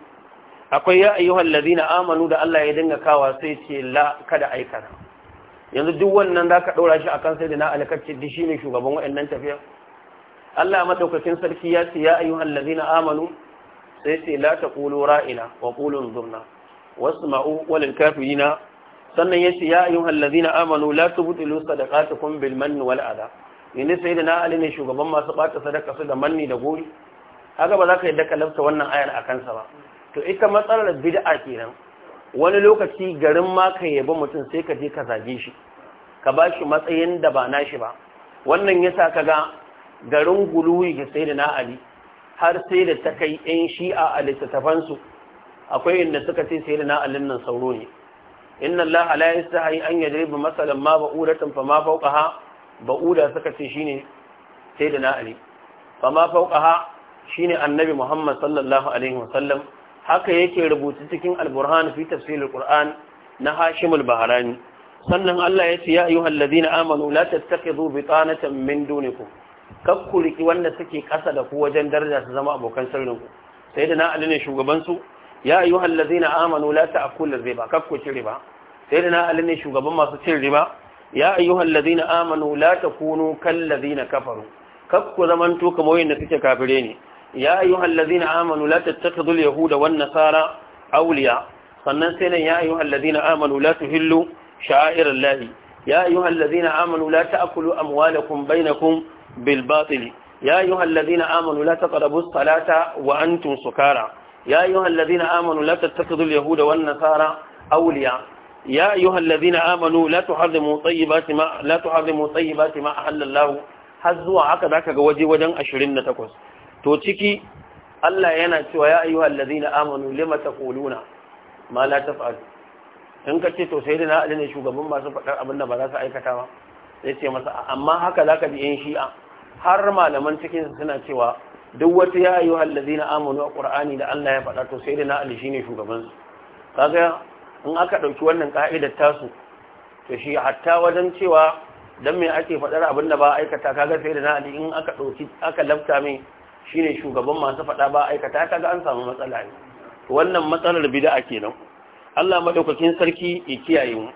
akwai ya ayyuhal ladina amanu da Allah ya dinga kawa sai ce la kada aikata yanzu duk wannan da ka daura shi akan sai da na alkacce di shine shugaban wayannan tafiya Allah madaukakin sarki ya ce ya ayyuhal ladina amanu sai ce la taqulu ra'ina wa qulu zurna wasma'u walil kafirina sannan yace ya ayyuhal ladina amanu la tubtilu sadaqatukum bil manni wal adha saida sayyidina ali ne shugaban masu ɓata sadaka su da manni da gori haka ba za ka yadda kalafta wannan ayar a kansa ba to ita matsalar bid'a kenan wani lokaci garin ma ka yabi mutum sai ka je ka zage shi ka ba shi matsayin da ba nashi ba wannan yasa ga garin guluwi ga sayyidina ali har sai da ta kai 'yan shi'a a littattafansu akwai inda suka ce sai da na'alin nan sauro ne inna allaha la yastahi an yadriba masalan ma ba'udatan fama fawqaha ba'uda suka ce shine sayyidina ali fama fawqaha shine annabi muhammad sallallahu alaihi wasallam haka yake rubutu cikin al-burhan fi tafsir quran na hashim al-bahrani sannan Allah ya ce ya ayyuhal ladina amanu la tattakhidhu bitanatan min dunikum kakkuliki wanda suke kasa da ku wajen daraja su zama abokan sirrinku sayyidina ali ne shugaban su ya ayu allazina amanu la ta'kulu riba kakku ci riba sai da na ali shugaban masu cin riba ya ayu allazina amanu la takunu kallazina kafaru kakku zamanto wayan yadda suke kafire ne ya ayu allazina amanu la tattakhidhu al-yahuda wan nasara awliya sannan sai nan ya ayu allazina amanu la tuhillu sha'airar lahi ya ayu allazina amanu la ta'kulu amwalakum bainakum bil batil ya ayu allazina amanu la taqrabu salata wa antum sukara يا ayyuha الذين amanu لا تتخذوا اليهود والنصارى wan يا awliya الذين ayyuha لا amanu طيبات ما لا تحرموا طيبات ما tayyibati الله ahalla Allah har zuwa haka zaka ga waje wajen 28 to ciki Allah yana cewa ya ayyuha alladhina amanu lima taquluna ma la taf'al in ka ce to sai da Ali ne shugaban masu faɗar abin da ba za su aikata ba sai ce masa amma haka zaka bi yan shi'a har malaman cikin suna cewa duk wata ya ayyuha na amanu a qur'ani da Allah ya faɗa to sai da shine shugaban su kaga in aka dauki wannan ka'idar tasu to shi hatta wajen cewa don me ake faɗar abin da ba aikata kaga sai da na in aka dauki aka lafta mai shine shugaban masu faɗa ba aikata kaga an samu matsala ne wannan matsalar bid'a kenan Allah maɗaukakin sarki ya kiyaye mu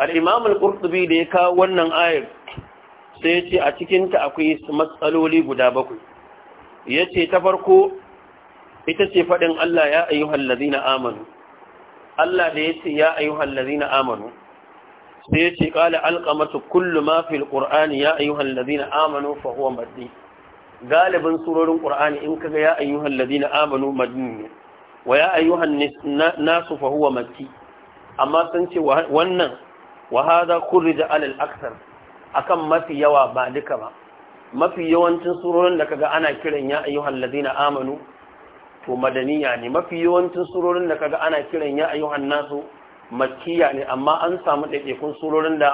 al-imam al-qurtubi da ya kawo wannan ayar sai ya ce a cikin ta akwai matsaloli guda bakwai Ya ce ta farko ita ce faɗin Allah ya ayyuhal ladina amanu Allah da ya ce ya ayyuhal ladina amanu sai ya yace qala alqamatu kullu ma fil qur'ani ya ayyuhal ladina amanu fa huwa maddi galibin surorin ƙur'ani in kaga ya ayyuhal ladina amanu ne, wa ya ayyuhan nasu fa huwa makki amma sun ce wannan wa kurri da alal akthar akan mafi yawa ba duka ba mafi yawancin surorin da kaga ana kiran ya ayyuhal ladina amanu to madaniya ne mafi yawancin surorin da kaga ana kiran ya ayyuhan nasu makkiya ne amma an samu ɗaiɗaikun surorin da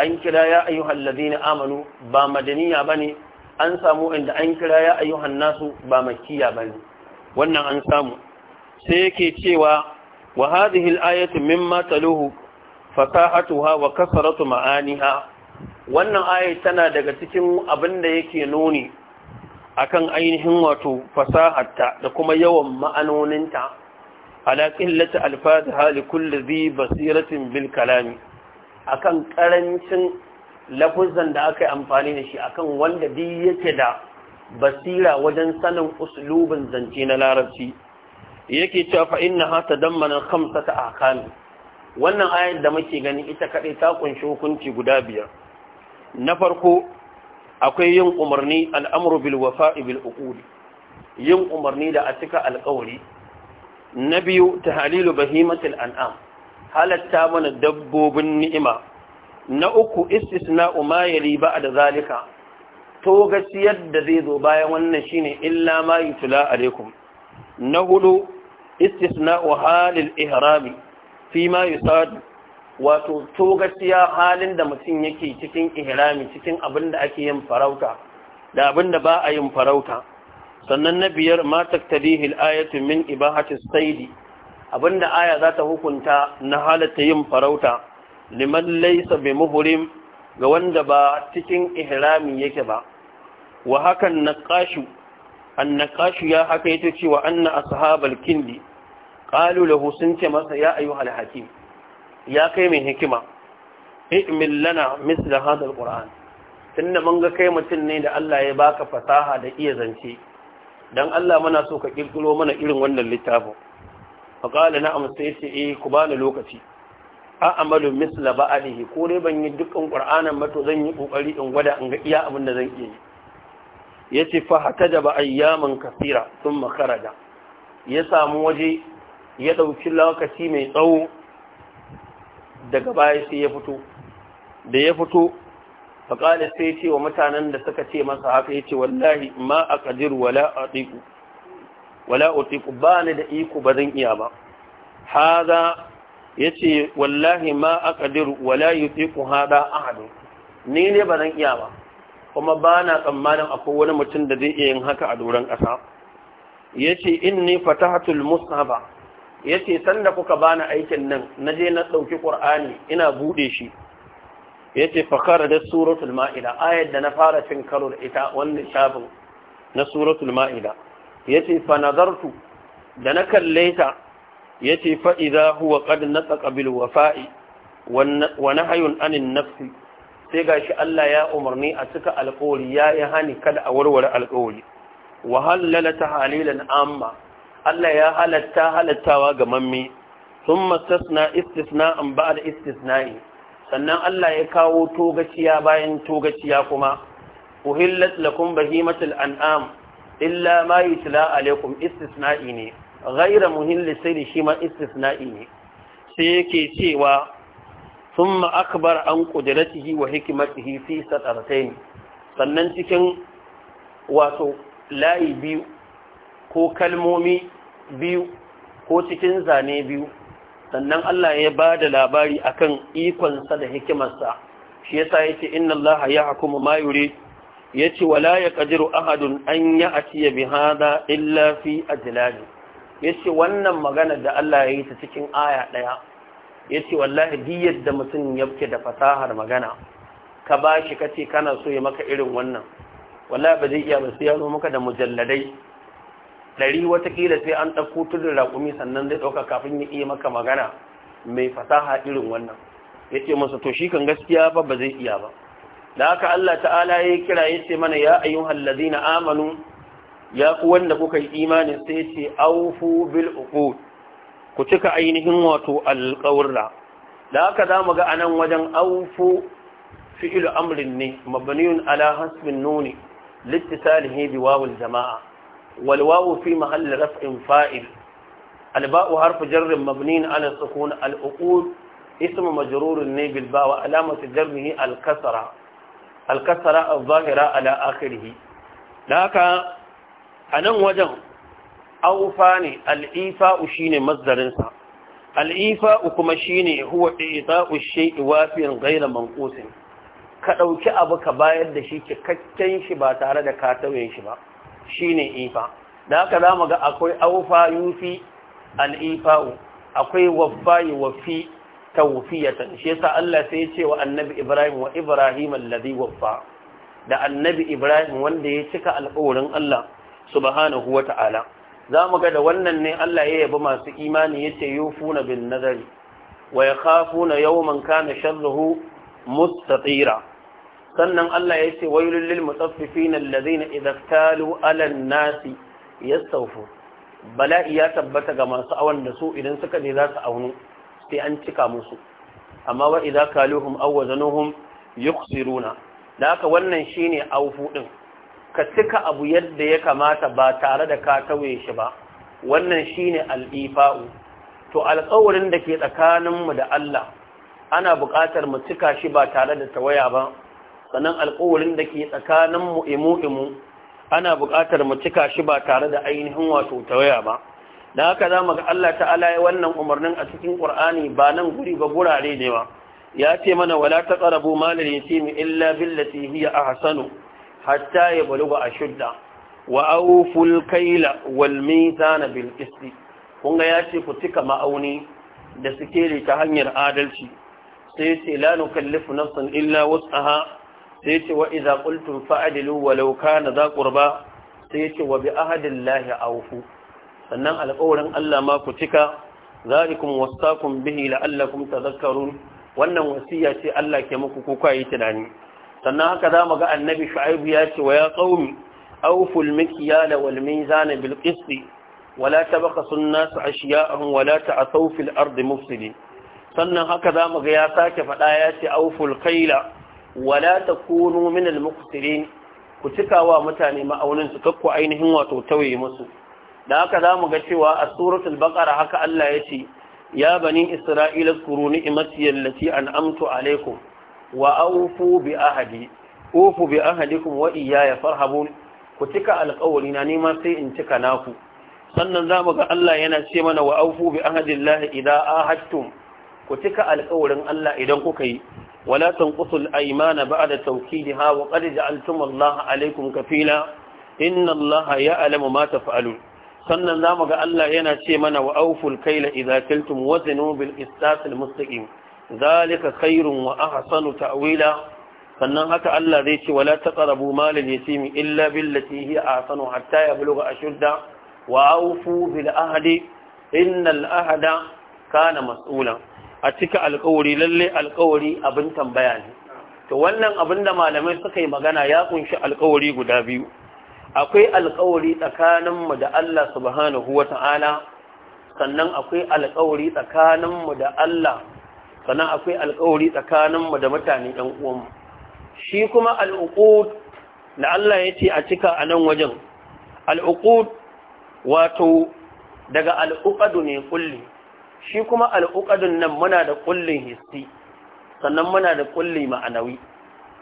an kira ya ayyuhan ladina amanu ba madaniya bane an samu inda an kira ya ayyuhan nasu ba makkiya bane wannan an samu sai yake cewa wa hadhihi al-ayatu mimma taluhu fasahatuha wa kasratu ma'aniha wannan aya tana daga cikin abin da yake nuni akan ainihin wato fasahatta da kuma yawan ma'anoninta ala qillati alfatiha li kulli dhi basiratin bil kalami akan karancin lafuzan da aka yi amfani da shi akan wanda duk yake da basira wajen sanin uslubin zance na larabci yake cewa fa innaha tadammana khamsata ahkam wannan ayar da muke gani ita kadai ta kunshi hukunci guda biyar na farko akwai yin umarni al'amuru bil wafa'i bil uquli yin umarni da a cika alƙawari na biyu tahalilu bahimatul an'am halatta mana dabbobin ni'ima na uku istisna'u ma riba da zalika to gasiyar da zai zo bayan wannan shine illa ma yutula alaikum na hudu wa halil ihrami fi ma yusadu wato to gaskiya halin da mutum yake cikin ihrami cikin abin da ake yin farauta da abin da ba a yin farauta sannan na biyar ma taktadihi ayatu min ibahati as abin abinda aya za ta hukunta na halatta yin farauta liman laysa bi muhrim ga wanda ba cikin ihrami yake ba wa hakan naqashu annaqashu ya haka yace cewa anna ashabal kindi qalu lahu sun ce masa ya ayyuhal hakim ya kai mai hikima i'mil lana misla hadha ƙura'an tunda mun ga kai mutum ne da Allah ya baka fasaha da iya zance don Allah mana so ka ƙirƙiro mana irin wannan littafin a qala na amsa yace eh ku bani lokaci a amalu misla ko dai ban yi dukkan qur'anin ba to zan yi kokari in gwada in ga iya abin da zan iya yi yace fa hataja ba ayyaman kasira thumma kharaja ya samu waje ya dauki lokaci mai tsawo daga baya sai ya fito da ya fito faƙalis sai ce wa mutanen da suka ce masa haka ya ce wallahi ma a ƙadir wala a wala a ba ni da iko ba zan iya ba haza ya ce wallahi ma a ƙadir wala yi tsiku haɗa ni ne ba zan iya ba kuma ba na tsammanin akwai wani mutum da zai iya yin haka a doron ƙasa ya ce in ni fatahatul musaba ya ce sanda kuka bani aikin nan na je na ɗauki ƙur'ani ina buɗe shi ya ce fakara da suratul ma'ida ayar da na fara cin karo da ita wannan shafin na suratul ma'ida ya ce fanazartu da na kalle ta ya ce fa'iza huwa ƙad na tsakabil wafa'i wani hayun anin nafsi sai gashi Allah ya umarni a cika alƙawari ya yi hani kada a warware alƙawari wahalala ta halilan amma Allah ya halatta halattawa ga mamme sun na istisna an ba da istisna'i sannan Allah ya kawo togaciya bayan togaciya kuma uhillat lakum bahimatul an'am illa ma yutla alaikum istisna'i ne ghaira muhilli sai shi ma istisna'i ne sai yake cewa ثم أكبر عن قدرته وحكمته في سطرتين sannan cikin wato layi biyu ko kalmomi biyu ko cikin zane biyu sannan Allah ya ba da labari akan ikonsa da hikimarsa shi yasa yace inna Allah ya hukuma ma yuri ce, wala kajiru ahadun an a ciye bi hada illa fi Ya ce, wannan magana da Allah ya yi ta cikin aya Ya yace wallahi diyar da mutum ya yake da fasahar magana ka ka kace kana so ya maka irin wannan wallahi ba zai iya ba sai ya maka da mujalladai ɗari watakila sai an ɗauko tudun raƙumi sannan zai ɗauka kafin ya iya maka magana mai fasaha irin wannan Yace ce masa to shi kan gaskiya ba ba zai iya ba da haka Allah ta'ala ya kira ya ce mana ya ayyun hallazi na amanu ya ku wanda kuka yi imanin sai ce aufu bil uqud ku cika ainihin wato alƙawarra da haka za mu ga anan wajen aufu filu amrin ne mabniyun ala hasbin nuni littisalihi biwawul jama'a والواو في محل رفع فائل الباء حرف جر مبني على السكون العقود اسم مجرور النيب الباء وعلامة جره الكسرة الكسرة الظاهرة على آخره لك أنا وجه أوفاني الإيفاء شين مصدر الإيفاء كما شين هو إيطاء الشيء وافي غير منقوص ka ɗauki abu ka bayar da shi cikakken shi ba tare da ka tauye shi ba shine ifa da haka za mu ga akwai aufa yufi al'ifa'u akwai waffa yi wafi tawfiyatan shi yasa Allah sai ya ce wa annabi Ibrahim wa Ibrahim alladhi waffa da annabi Ibrahim wanda ya cika alƙawarin Allah subhanahu Za zamu ga da wannan ne Allah ya yabi masu imani yace yufuna bin nazari wa yakhafuna yawman kana sharruhu mustatira sannan Allah ya ce wailul lil mutaffifin alladhina idza talu alal nasi yastawfu bala'i ya tabbata ga masu awon da su idan suka ne za su aunu sai an cika musu amma wa idza kaluhum aw yuksiruna da haka wannan shine aufu aufuɗin. ka cika abu yadda ya kamata ba tare da ka tawaye shi ba wannan shine ne al'ifa'u. to alƙawarin da ke tsakaninmu da Allah ana buƙatar mu cika shi ba tare da tawaya ba sannan alƙawarin da ke tsakanin mu imu imu ana buƙatar mu cika shi ba tare da ainihin wato tawaya ba da haka za mu ga Allah ta'ala ya wannan umarnin a cikin Qur'ani ba nan guri ba gurare ne ba ya ce mana wala taqrabu malal yatimi illa billati hiya ahsanu hatta yablugha ashudda wa awful kayla wal mizana bil qist kun ga ya ce ku cika ma'auni da suke ta hanyar adalci sai ce la nukallifu nafsan illa wus'aha sai ce wa iza qultum fa'dilu walau kana za qurba sai ce wa bi ahadillahi awfu sannan alƙawarin Allah ma ku cika zalikum wasaqum bihi la'allakum tadhakkarun wannan wasiya ce Allah ke muku ku kai tunani sannan haka za mu ga annabi shu'aibu ya ce wa ya qaumi awful mikyala wal mizana bil qisti ولا تبخسوا الناس أشياءهم ولا تعثوا في الأرض مفسدين sannan haka za mu ga ya sake faɗa ya ce auful kaila wala takunu min al-muqsirin ku cikawa mutane ma'aunin su kakku ainihin wato tawaye musu da haka zamu ga cewa a suratul baqara haka Allah ya ce ya bani isra'ila kuru ni'mati allati an'amtu alaikum wa awfu bi ahdi ufu bi ahdikum wa iyaya farhabun ku cika alƙawari na nima sai in cika naku sannan zamu ga Allah yana ce mana wa awfu bi ahdillahi idza ahadtum ku cika alƙawarin Allah idan kuka yi ولا تنقصوا الأيمان بعد توكيدها وقد جعلتم الله عليكم كفيلا إن الله يعلم ما تفعلون sannan za mu ga Allah yana ce mana wa auful kaila idza kiltum wazinu bil qistas al mustaqim zalika khairun wa ahsanu ta'wila sannan haka Allah zai ce wala taqrabu mal al yatim illa billati hiya ahsanu hatta yablugha ashudda wa aufu bil ahdi innal ahda kana mas'ula a cika alkawari lalle alkawari abin tambaya ne to wannan abin da malamai suka yi magana ya kunshi alkawari guda biyu akwai alkawari tsakaninmu da Allah subhanahu wata'ala sannan akwai alkawari tsakaninmu da Allah sannan akwai alkawari tsakaninmu da mutane ɗan uwanmu shi kuma al'uqud da Allah ya ce a cika a nan wajen al'uqud wato daga al'uqadu ne kulli shi kuma al'uƙadun nan muna da ƙullin hissi sannan muna da ƙulli ma'anawi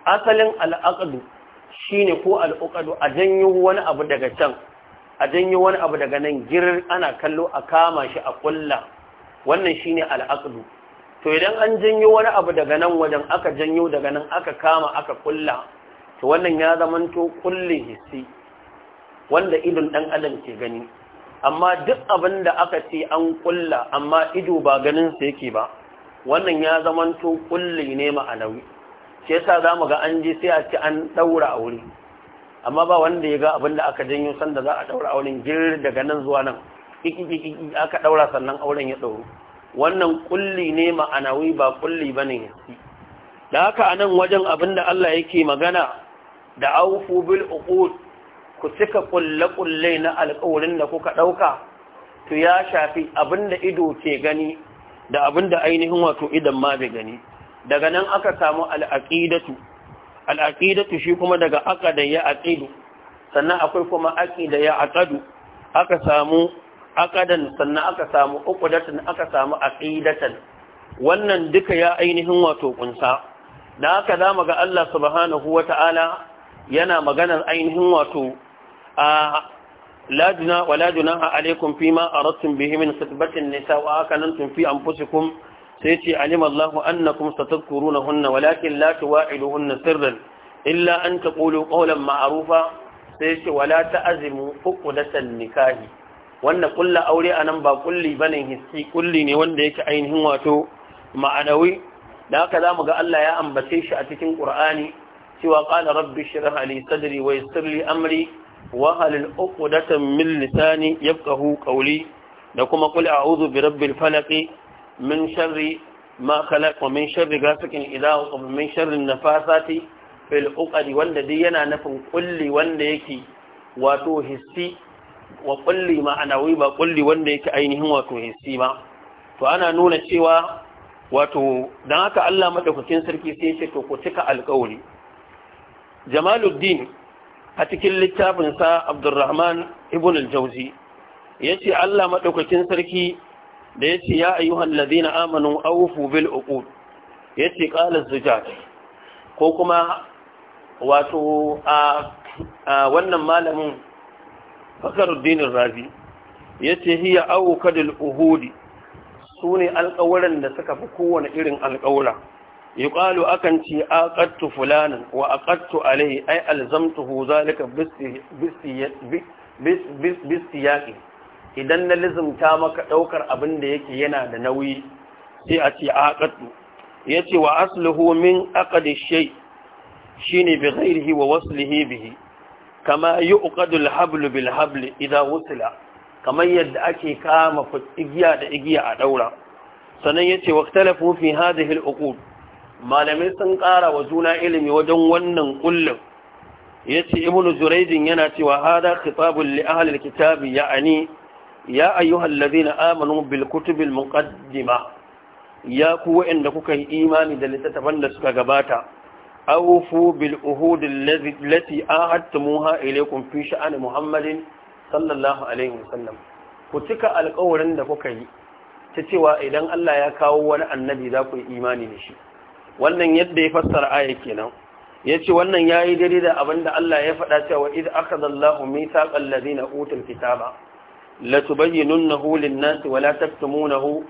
asalin al'aƙadu shi ne ko al'uƙadu a janyo wani abu daga can a janyo wani abu daga nan girar ana kallo a kama shi a ƙulla wannan shi ne al'aƙadu to idan an janyo wani abu daga nan wajen aka janyo daga nan aka kama aka ƙulla to wannan ya zamanto ƙullin hissi wanda idon ɗan adam ke gani amma duk abin da aka ce an kulla amma ido ba ganin sa yake ba wannan ya zamanto kulli ne ma'anawi shi yasa zamu ga an ji sai a ce an daura aure amma ba wanda ya ga abin da aka janyo sanda za a daura auren gir daga nan zuwa nan kiki aka daura sannan auren ya dauro wannan kulli ne ma'anawi ba kulli bane da haka anan wajen abin da Allah yake magana da aufu bil uqud ku cika kulle-kulle na alƙawarin da kuka ɗauka to ya shafi abin da ido ke gani da abin da ainihin wato idan ma bai gani daga nan aka samu al'aƙidatu al'aƙidatu shi kuma daga aqada ya aƙidu sannan akwai kuma aqida ya aƙadu aka samu aƙadan sannan aka samu uƙudatan aka samu aƙidatan wannan duka ya ainihin wato ƙunsa da haka za mu ga Allah subhanahu wa ta'ala yana maganar ainihin wato wala juna a alaikun fi ma a rassun bihimin sabbatin nisa wa aka nan tun fi an fushi kun sai ce alimallahu an na kuma satattoro na hunna walakin lati wa ilu hunna sirrin illa an ta ƙolo ƙolan ma'arufa sai ce wala ta azimu uku da san nikahi wanda kulla aure a nan ba kulli bane hiski ƙulli ne wanda yake ainihin wato ma'anawi da haka za mu ga Allah ya ambace shi a cikin ƙur'ani cewa ƙala rabbi shirar ali sadri wai yassirli amri wahalil uqdatan min lisani yafqahu qawli da kuma qul a'udhu bi rabbil falaq min sharri ma khalaq wa min sharri ghasiqin idha waqab nafasati fil yana nufin kulli wanda yake wato hissi wa kulli ma'anawi ba kulli wanda yake ainihin wato ba to ana nuna cewa wato dan haka Allah madaukakin sarki sai ya ce to ku cika alƙawari Jamaluddin a cikin littafinsa abdurrahman ibn al-jauzi ya ce allah maɗaukakin sarki da ya ce ya ayyuhan lazina amanu awufu bil uqud ya ce ƙalar zujaj ko kuma wato a wannan malamin fakaruddinin razi ya ce hiya awukadil uhudi su ne alƙawuran da suka fi kowane irin alƙawura yuqalu akan ci aqattu fulanan wa aqattu alayhi ay alzamtuhu zalika bistiyaqi idan na lizumta maka daukar abin da yake yana da nauyi sai a ce aqattu yace wa asluhu min aqdi shay shine bi ghairihi wa waslihi bihi kama yuqadu alhablu bil habli idha wusila kamar yadda ake kama igiya da igiya a daura sanan yace waqtalafu fi hadhihi al malamai sun ƙara wa juna ilimi wajen wannan kullum ce ibnu zuraidin yana cewa hada khitabun li kitabi alkitabi ya'ani ya ayyuhal ladina amanu bil kutubil muqaddima ya ku wa'anda kuka yi imani da littattafan da suka gabata awfu bil uhud allati ahadtumuha ilaykum fi sha'ani muhammadin sallallahu alaihi wasallam ku cika alƙawarin da kuka yi ta cewa idan Allah ya kawo wani annabi za ku yi imani da shi wannan yadda ya fassara aya kenan yace wannan yayi dare da abinda Allah ya faɗa cewa id akhadallahu mithaqal ladina utul kitaba latubayyinunnahu lin-nasi wa la taktumunahu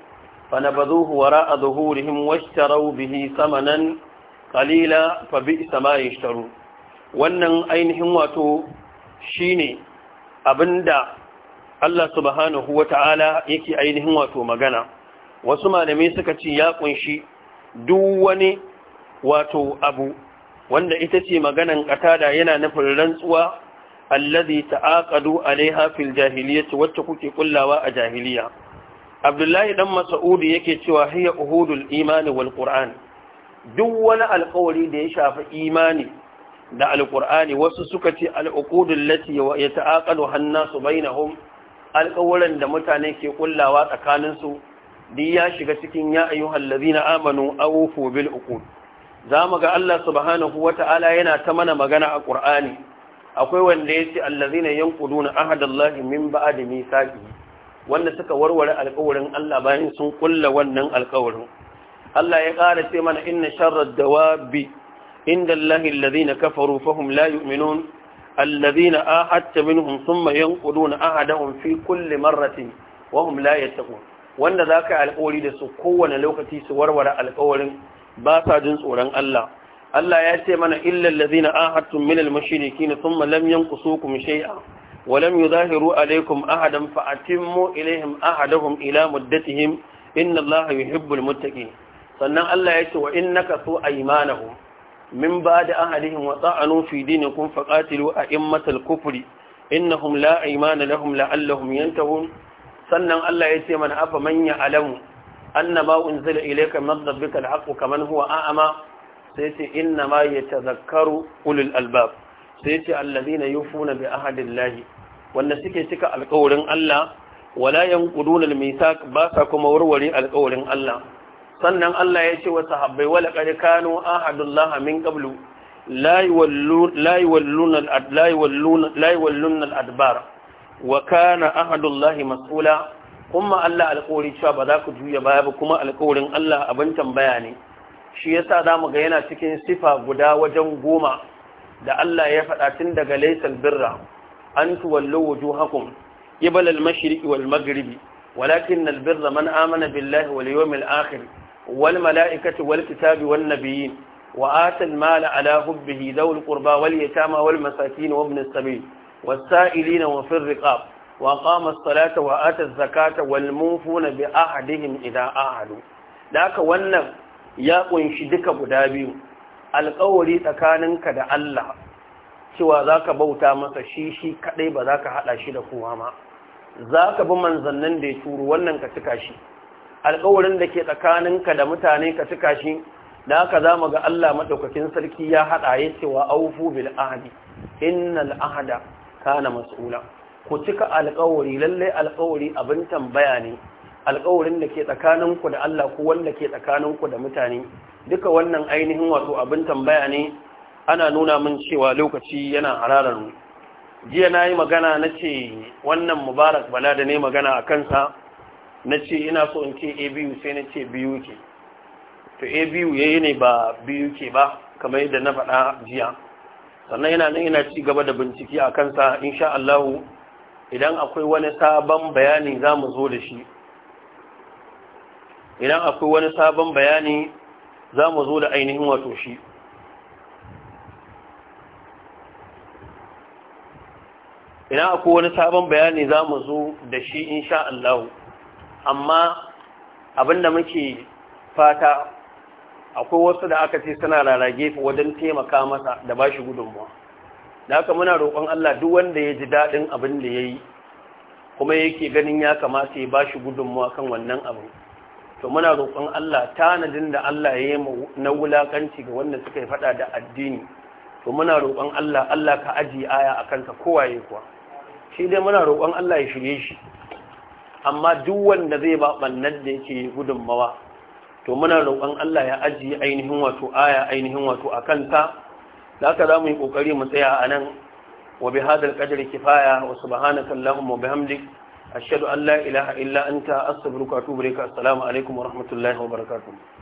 fanabadhuhu wara'a dhuhurihim washtaraw bihi samanan qalila fa bi'sa ma yashtaru wannan ainihin wato shine abinda Allah subhanahu wata'ala yake ainihin wato magana wasu malamai suka ce ya kunshi duk wani wato abu wanda ita ce maganan katada yana nufin rantsuwa allazi ta'aqadu alaiha fil jahiliyyati wacce kuke kullawa a jahiliya abdullahi dan mas'udi yake cewa hiya uhudul imani wal qur'an duk wani alƙawari da ya shafi imani da alƙur'ani wasu suka ce al'uqudul lati ya ta'aqadu hannasu bainahum alƙawaran da mutane ke kullawa tsakaninsu di ya shiga cikin ya ayyuhal ladina amanu awfu bil uqud zamu ga Allah subhanahu wata'ala yana ta mana magana a Qur'ani akwai wanda yace allazina yanquduna ahadallahi min ba'di misaqi wanda suka warware alƙawarin Allah bayan sun kulla wannan alƙawarin Allah ya ƙara ce mana inna sharrad dawabi inda Allah allazina kafaru fahum la yu'minun allazina ahadta minhum thumma yanquduna ahadahum fi kulli marratin wa hum la yattaqun wanda za ka yi alkawari da su kowane lokaci su warware alkawarin ba sa jin tsoron Allah Allah ya ce mana illal ladina ahadtum minal mushrikin thumma lam yanqusukum shay'a wa lam yuzahiru alaykum ahadan fa atimmu ilayhim ahadahum ila muddatihim inna Allah yuhibbul muttaqin sannan Allah ya ce wa innaka su aymanahum min ba'di ahadihim wa ta'anu fi dinikum faqatilu a'immatal kufri innahum la aymana lahum la'allahum yantahun sannan Allah ya ce mana afa manya alamu annama unzila ilayka min rabbika alhaqu kaman huwa a'ama sai ce inna yatazakkaru ulul albab sai ce alladhina yufuna bi ahadillahi wanda suke cika alƙawarin Allah wala yanquduna almithaq ba sa kuma warware alƙawarin Allah sannan Allah ya ce wa sahabbai wala qad kanu ahadullahi min qablu la yawalluna la yawalluna al-adbar wa kana ahadullahi mas'ula kuma Allah alƙawari cewa ba za ku juya baya ba kuma alƙawarin Allah abin tambaya ne shi yasa zamu ga yana cikin sifa guda wajen goma da Allah ya faɗa tun daga laysal birra an tuwallu wujuhakum qibala al-mashriqi wal maghribi walakin al-birra man amana billahi wal yawmil akhir wal mala'ikati wal kitabi wan nabiyyin وآتى المال على حبه ذوي القربى واليتامى والمساكين وابن السبيل والسائلين وفي الرقاب وقام الصلاة وآت الزكاة والموفون بأحدهم إذا أعدوا ذاك ون ya kunshi duka guda biyu alkawari tsakaninka da Allah cewa za ka bauta masa shishi shi kaɗai ba za ka haɗa shi da kowa ma za ka bi manzannin da ya turu wannan ka shi alkawarin da ke tsakaninka da mutane ka cika shi da haka za mu ga Allah maɗaukakin sarki ya haɗa ya wa aufu bil ahadi, innal Ahada. kana mas'ula ku cika alƙawari lallai alƙawari abin tambaya ne alƙawarin da ke tsakaninku da Allah ko wanda ke tsakaninku da mutane duka wannan ainihin wato abin tambaya ne ana nuna min cewa lokaci yana hararar mu jiya na yi magana na ce wannan mubarak bala da ne magana a kansa na ce ina so in ce a sai na ce biyu ke to a biyu ya yi ne ba biyu ke ba kamar yadda na faɗa jiya sannan yana nan yana ci gaba da bincike a kansa insha Allah idan akwai wani sabon bayani za mu zo da shi idan akwai wani sabon bayani za mu zo da ainihin wato shi idan akwai wani sabon bayani za mu zo da shi insha Allah amma abinda muke fata akwai wasu da aka ce suna rarage wajen taimaka masa da ba shi gudunmuwa da aka muna roƙon Allah duk wanda ya ji daɗin abin da ya yi kuma yake ganin ya kamata ya ba shi gudunmuwa kan wannan abin to muna roƙon Allah tanadin da Allah ya yi na wulaƙanci ga wanda suka yi faɗa da addini to muna roƙon Allah Allah ka aji aya a kansa kowaye kuwa shi dai muna roƙon Allah ya shirye shi amma duk wanda zai ba bannan da yake gudunmawa to muna roƙon Allah ya ajiye ainihin wato aya ainihin wato a kanta da haka za mu yi ƙoƙari mu tsaya a nan wa bi hadal qadri kifaya wa subhanaka allahumma wa bihamdik ashhadu an Allah ila illa anta astaghfiruka wa atubu ka assalamu alaikum wa rahmatullahi wa barakatuh